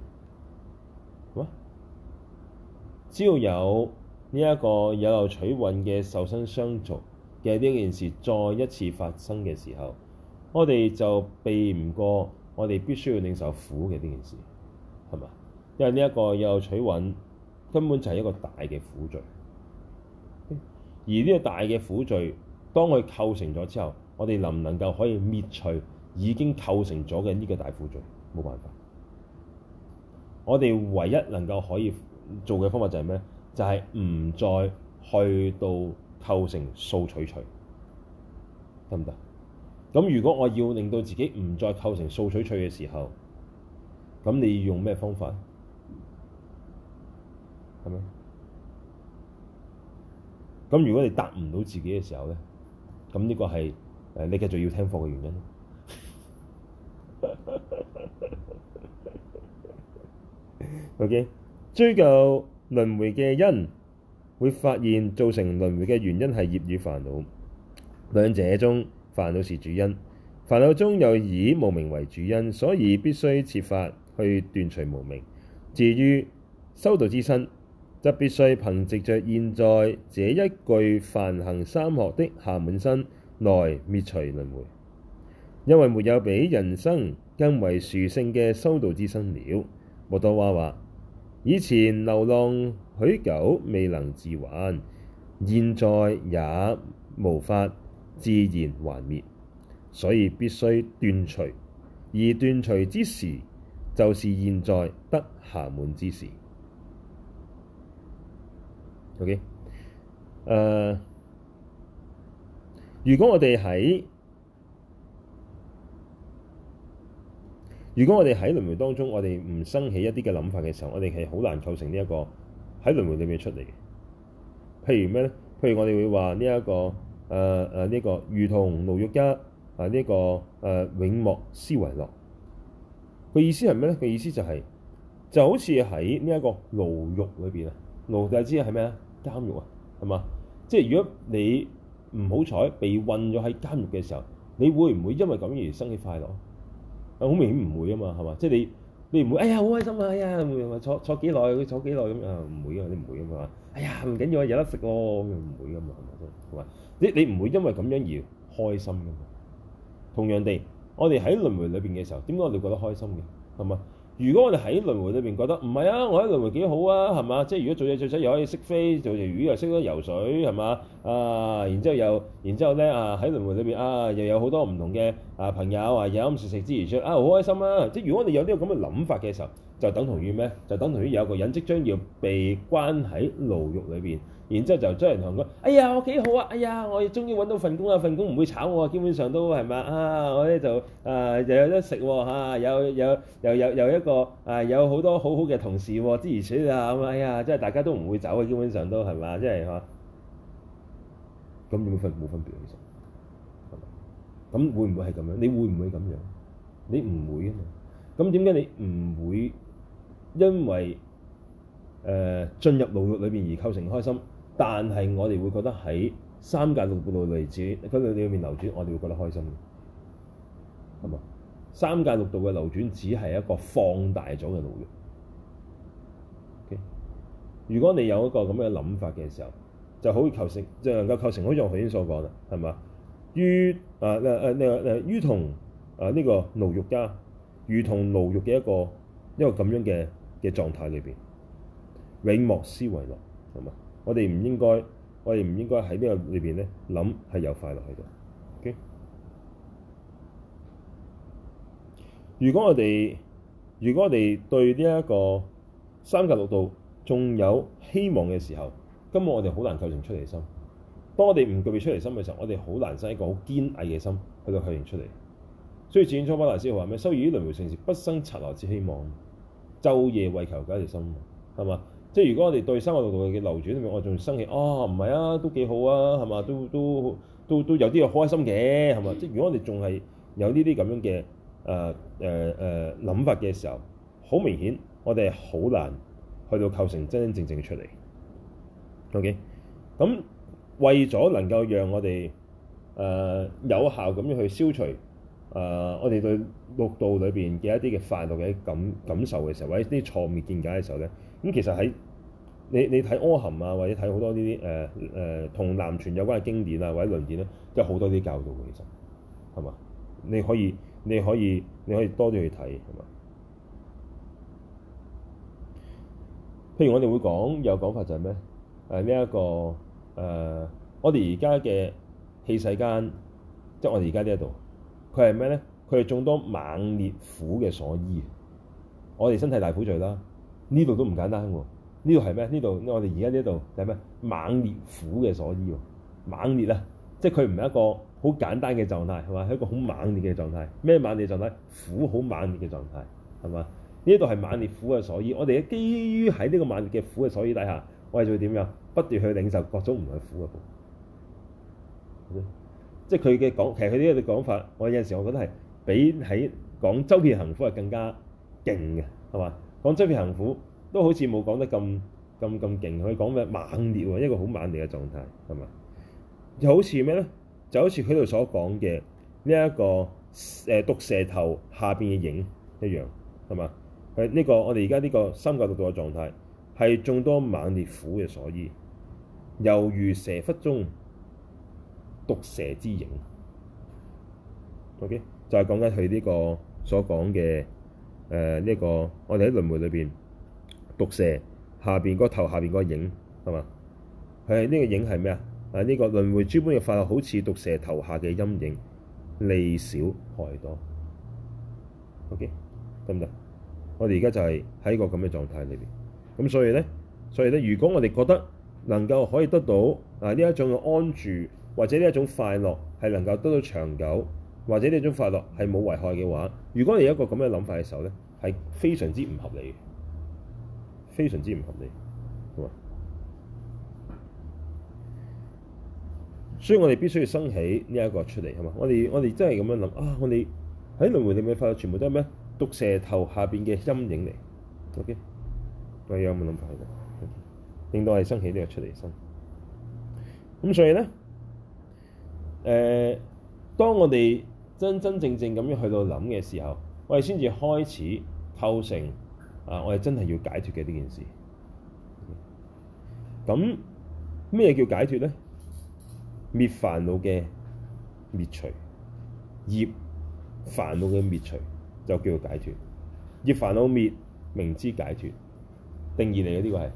只要有呢一個有漏取蘊嘅受身相續嘅呢件事，再一次發生嘅時候，我哋就避唔過，我哋必須要領受苦嘅呢件事，係嘛？因為呢一個有取蘊，根本就係一個大嘅苦聚。而呢個大嘅苦聚，當佢構成咗之後，我哋能唔能夠可以滅除已經構成咗嘅呢個大苦聚？冇辦法。我哋唯一能夠可以做嘅方法就係咩？就係、是、唔再去到構成數取趣，得唔得？咁如果我要令到自己唔再構成數取趣嘅時候，咁你要用咩方法？係咪？咁如果你答唔到自己嘅時候呢，咁呢個係你繼續要聽課嘅原因。 OK，追究輪迴嘅因，會發現造成輪迴嘅原因係業與煩惱。兩者中，煩惱是主因，煩惱中有以無明為主因，所以必須設法去斷除無明。至於修道之身，就必須憑藉着現在這一句「凡行三學」的下滿身，來滅除輪迴。因為沒有比人生更為殊勝嘅修道之身了。摩多哇話：以前流浪許久未能自還，現在也無法自然還滅，所以必須斷除。而斷除之時，就是現在得下滿之時。OK，誒、uh,，如果我哋喺，如果我哋喺輪回當中，我哋唔生起一啲嘅諗法嘅時候，我哋係好難構成呢、這、一個喺輪回裏面出嚟嘅。譬如咩咧？譬如我哋會話呢一個誒誒呢個如同牢獄一啊呢、這個誒、呃、永莫思為樂，佢意思係咩咧？佢意思就係、是、就好似喺呢一個牢獄裏邊啊。奴就知係咩啊？監獄啊，係嘛？即係如果你唔好彩被困咗喺監獄嘅時候，你會唔會因為咁而生起快樂？好明顯唔會啊嘛，係嘛？即係你你唔會哎呀好開心啊！哎呀，坐坐幾耐，坐幾耐咁啊？唔會啊，你唔會啊嘛？哎呀唔緊要啊，有得食咯，唔會啊嘛，係咪先？係嘛你你唔會因為咁樣而開心嘅嘛？同樣地，我哋喺輪迴裏邊嘅時候，點解我哋覺得開心嘅？係嘛？如果我哋喺輪迴裏邊覺得唔係啊，我喺輪迴幾好啊，係嘛？即係如果做嘢最細又可以識飛，做條魚又識得游水，係嘛？啊，然之後又，然之後咧啊，喺輪迴裏邊啊又有好多唔同嘅啊朋友啊咁食食之餘，啊好、啊、開心啊！即係如果我哋有呢個咁嘅諗法嘅時候，就等同於咩？就等同於有個人即將要被關喺牢獄裏邊。然之後就追人同講：哎呀，我幾好啊！哎呀，我終於揾到份工啦！份工唔會炒我，基本上都係嘛啊！我咧就誒又、啊、有得食喎有有又有又一個啊，有，有，有，有，有,啊有很多很好多好好嘅同事喎，之餘啊咁哎呀，即係大家都唔會走啊，基本上都係嘛，即係嚇。咁有冇分冇分別啊？其實，係咪？咁會唔會係咁樣？你會唔會咁樣？你唔會啊嘛？咁點解你唔會因為誒進、呃、入勞碌裏邊而構成開心？但係，我哋會覺得喺三界六道嘅例子，佢裏裏面流轉，我哋會覺得開心嘅，係嘛？三界六道嘅流轉只係一個放大咗嘅奴肉。Okay? 如果你有一個咁嘅諗法嘅時候，就好求成，就能夠求成，成。好似我頭先所講啦，係嘛？於、呃哎呃、啊，誒誒誒，於同啊呢個奴肉家，如同奴肉嘅一個一個咁樣嘅嘅狀態裏邊，永莫思維樂，係嘛？我哋唔應該，我哋唔應該喺呢個裏邊咧諗係有快樂喺度。OK，如果我哋，如果我哋對呢一個三界六道仲有希望嘅時候，根本我哋好難構成出離心。當我哋唔具備出離心嘅時候，我哋好難生一個好堅毅嘅心去到去認出嚟。所以宗喀巴大師話咩？修已於輪迴盛事不生剎那之希望，晝夜唯求解脫心，係嘛？即係如果我哋對生活道嘅嘅流轉裏面，我仲生氣啊？唔、哦、係啊，都幾好啊，係嘛？都都都都有啲嘅開心嘅，係嘛？即係如果我哋仲係有呢啲咁樣嘅誒誒誒諗法嘅時候，好明顯我哋好難去到構成真真正正出嚟。OK，咁為咗能夠讓我哋誒、呃、有效咁樣去消除誒、呃、我哋對六道裏邊嘅一啲嘅快樂嘅感感受嘅時候，或者啲錯誤嘅見解嘅時候咧。咁其實喺你你睇《阿含》啊，或者睇好多呢啲誒誒同南傳有關嘅經典啊或者論典咧，都有好多啲教導嘅，其實係嘛？你可以你可以你可以多啲去睇係嘛？譬如我哋會講有講法就係咩？誒、啊、呢一個誒、啊，我哋而家嘅器世間，即係我哋而家呢一度，佢係咩咧？佢係眾多猛烈苦嘅所依，我哋身體大苦罪啦。呢度都唔簡單喎！呢度係咩？呢度我哋而家呢度係咩？猛烈苦嘅所依喎！猛烈咧、啊，即係佢唔係一個好簡單嘅狀態，係嘛？係一個好猛烈嘅狀態。咩猛烈狀態？苦好猛烈嘅狀態，係嘛？呢度係猛烈苦嘅所依。我哋基於喺呢個猛烈嘅苦嘅所依底下，我哋就會點樣？不斷去領受各種唔係苦嘅苦。即係佢嘅講，其實佢呢個講法，我有陣時我覺得係比喺講周遍行苦係更加勁嘅，係嘛？講周遍行苦都好似冇講得咁咁咁勁，佢以講咩猛烈喎、啊，一個好猛烈嘅狀態係嘛？就好似咩咧？就好似佢度所講嘅呢一個誒毒蛇頭下邊嘅影一樣，係嘛？係呢、這個我哋而家呢個三界六道嘅狀態係眾多猛烈苦嘅所依。猶如蛇窟中毒蛇之影。OK，就係講緊佢呢個所講嘅。誒，呢、呃呢個我哋喺輪迴裏邊，毒蛇下邊個頭下邊、呢個影係嘛？佢係呢個影係咩啊？啊，呢、呢個輪迴諸般嘅快樂好似毒蛇頭下嘅陰影，利少害多。OK，得唔得？我哋而家就係喺個咁嘅狀態裏邊。咁所以咧，所以咧，如果我哋覺得能夠可以得到啊呢一種嘅安住，或者呢一種快樂係能夠得到長久。或者你種快樂係冇危害嘅話，如果你有一個咁嘅諗法嘅時候咧，係非常之唔合理嘅，非常之唔合理，好嘛？所以我哋必須要升起呢一個出嚟，係嘛？我哋我哋真係咁樣諗啊！我哋喺輪迴裏面嘅快樂，全部都係咩毒蛇頭下邊嘅陰影嚟。O K，我有冇諗法嘅？令到係升起呢一個出嚟生，咁所以咧，誒、呃，當我哋真真正正咁樣去到諗嘅時候，我哋先至開始構成啊！我哋真係要解脱嘅呢件事。咁、嗯、咩叫解脫咧？滅煩惱嘅滅除，業煩惱嘅滅除就叫做解脫。業煩惱滅，明知解脫，定義嚟嘅，呢個係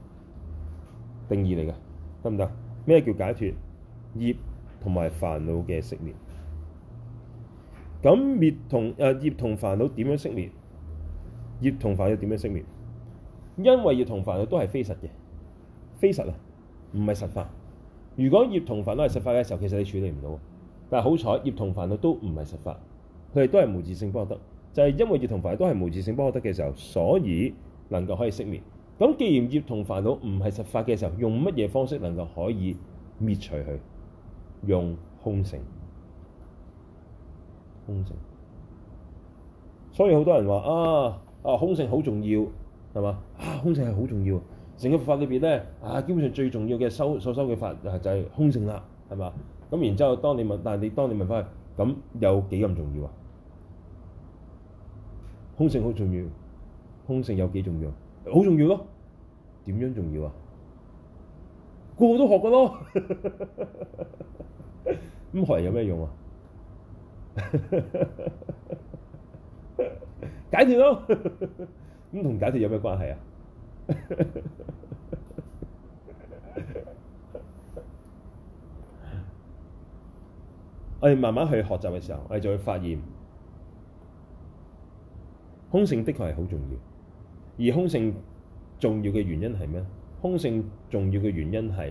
定義嚟嘅，得唔得？咩叫解脫？業同埋煩惱嘅熄滅。咁滅、嗯、同誒業同煩惱點樣熄滅？業同煩惱點樣熄滅？因為業同煩惱都係非實嘅，非實啊，唔係實法。如果業同煩惱係實法嘅時候，其實你處理唔到。但係好彩，業同煩惱都唔係實法，佢哋都係無自性不可得。就係、是、因為業同煩惱都係無自性不可得嘅時候，所以能夠可以熄滅。咁既然業同煩惱唔係實法嘅時候，用乜嘢方式能夠可以滅除佢？用空性。空性，所以好多人話啊啊，空性好重要係嘛啊，空性係好重要，成個法裏邊咧啊，基本上最重要嘅修，所修嘅法就係空性啦，係嘛？咁然之後當你問，但係你當你問翻去，咁有幾咁重要啊？空性好重要，空性有幾重要？好重要咯，點樣重要啊？個個都學過咯，咁 學人有咩用啊？ 解脫咯，咁 同解脫有咩關係啊？ 我哋慢慢去學習嘅時候，我哋就會發現空性的確係好重要，而空性重要嘅原因係咩？空性重要嘅原因係。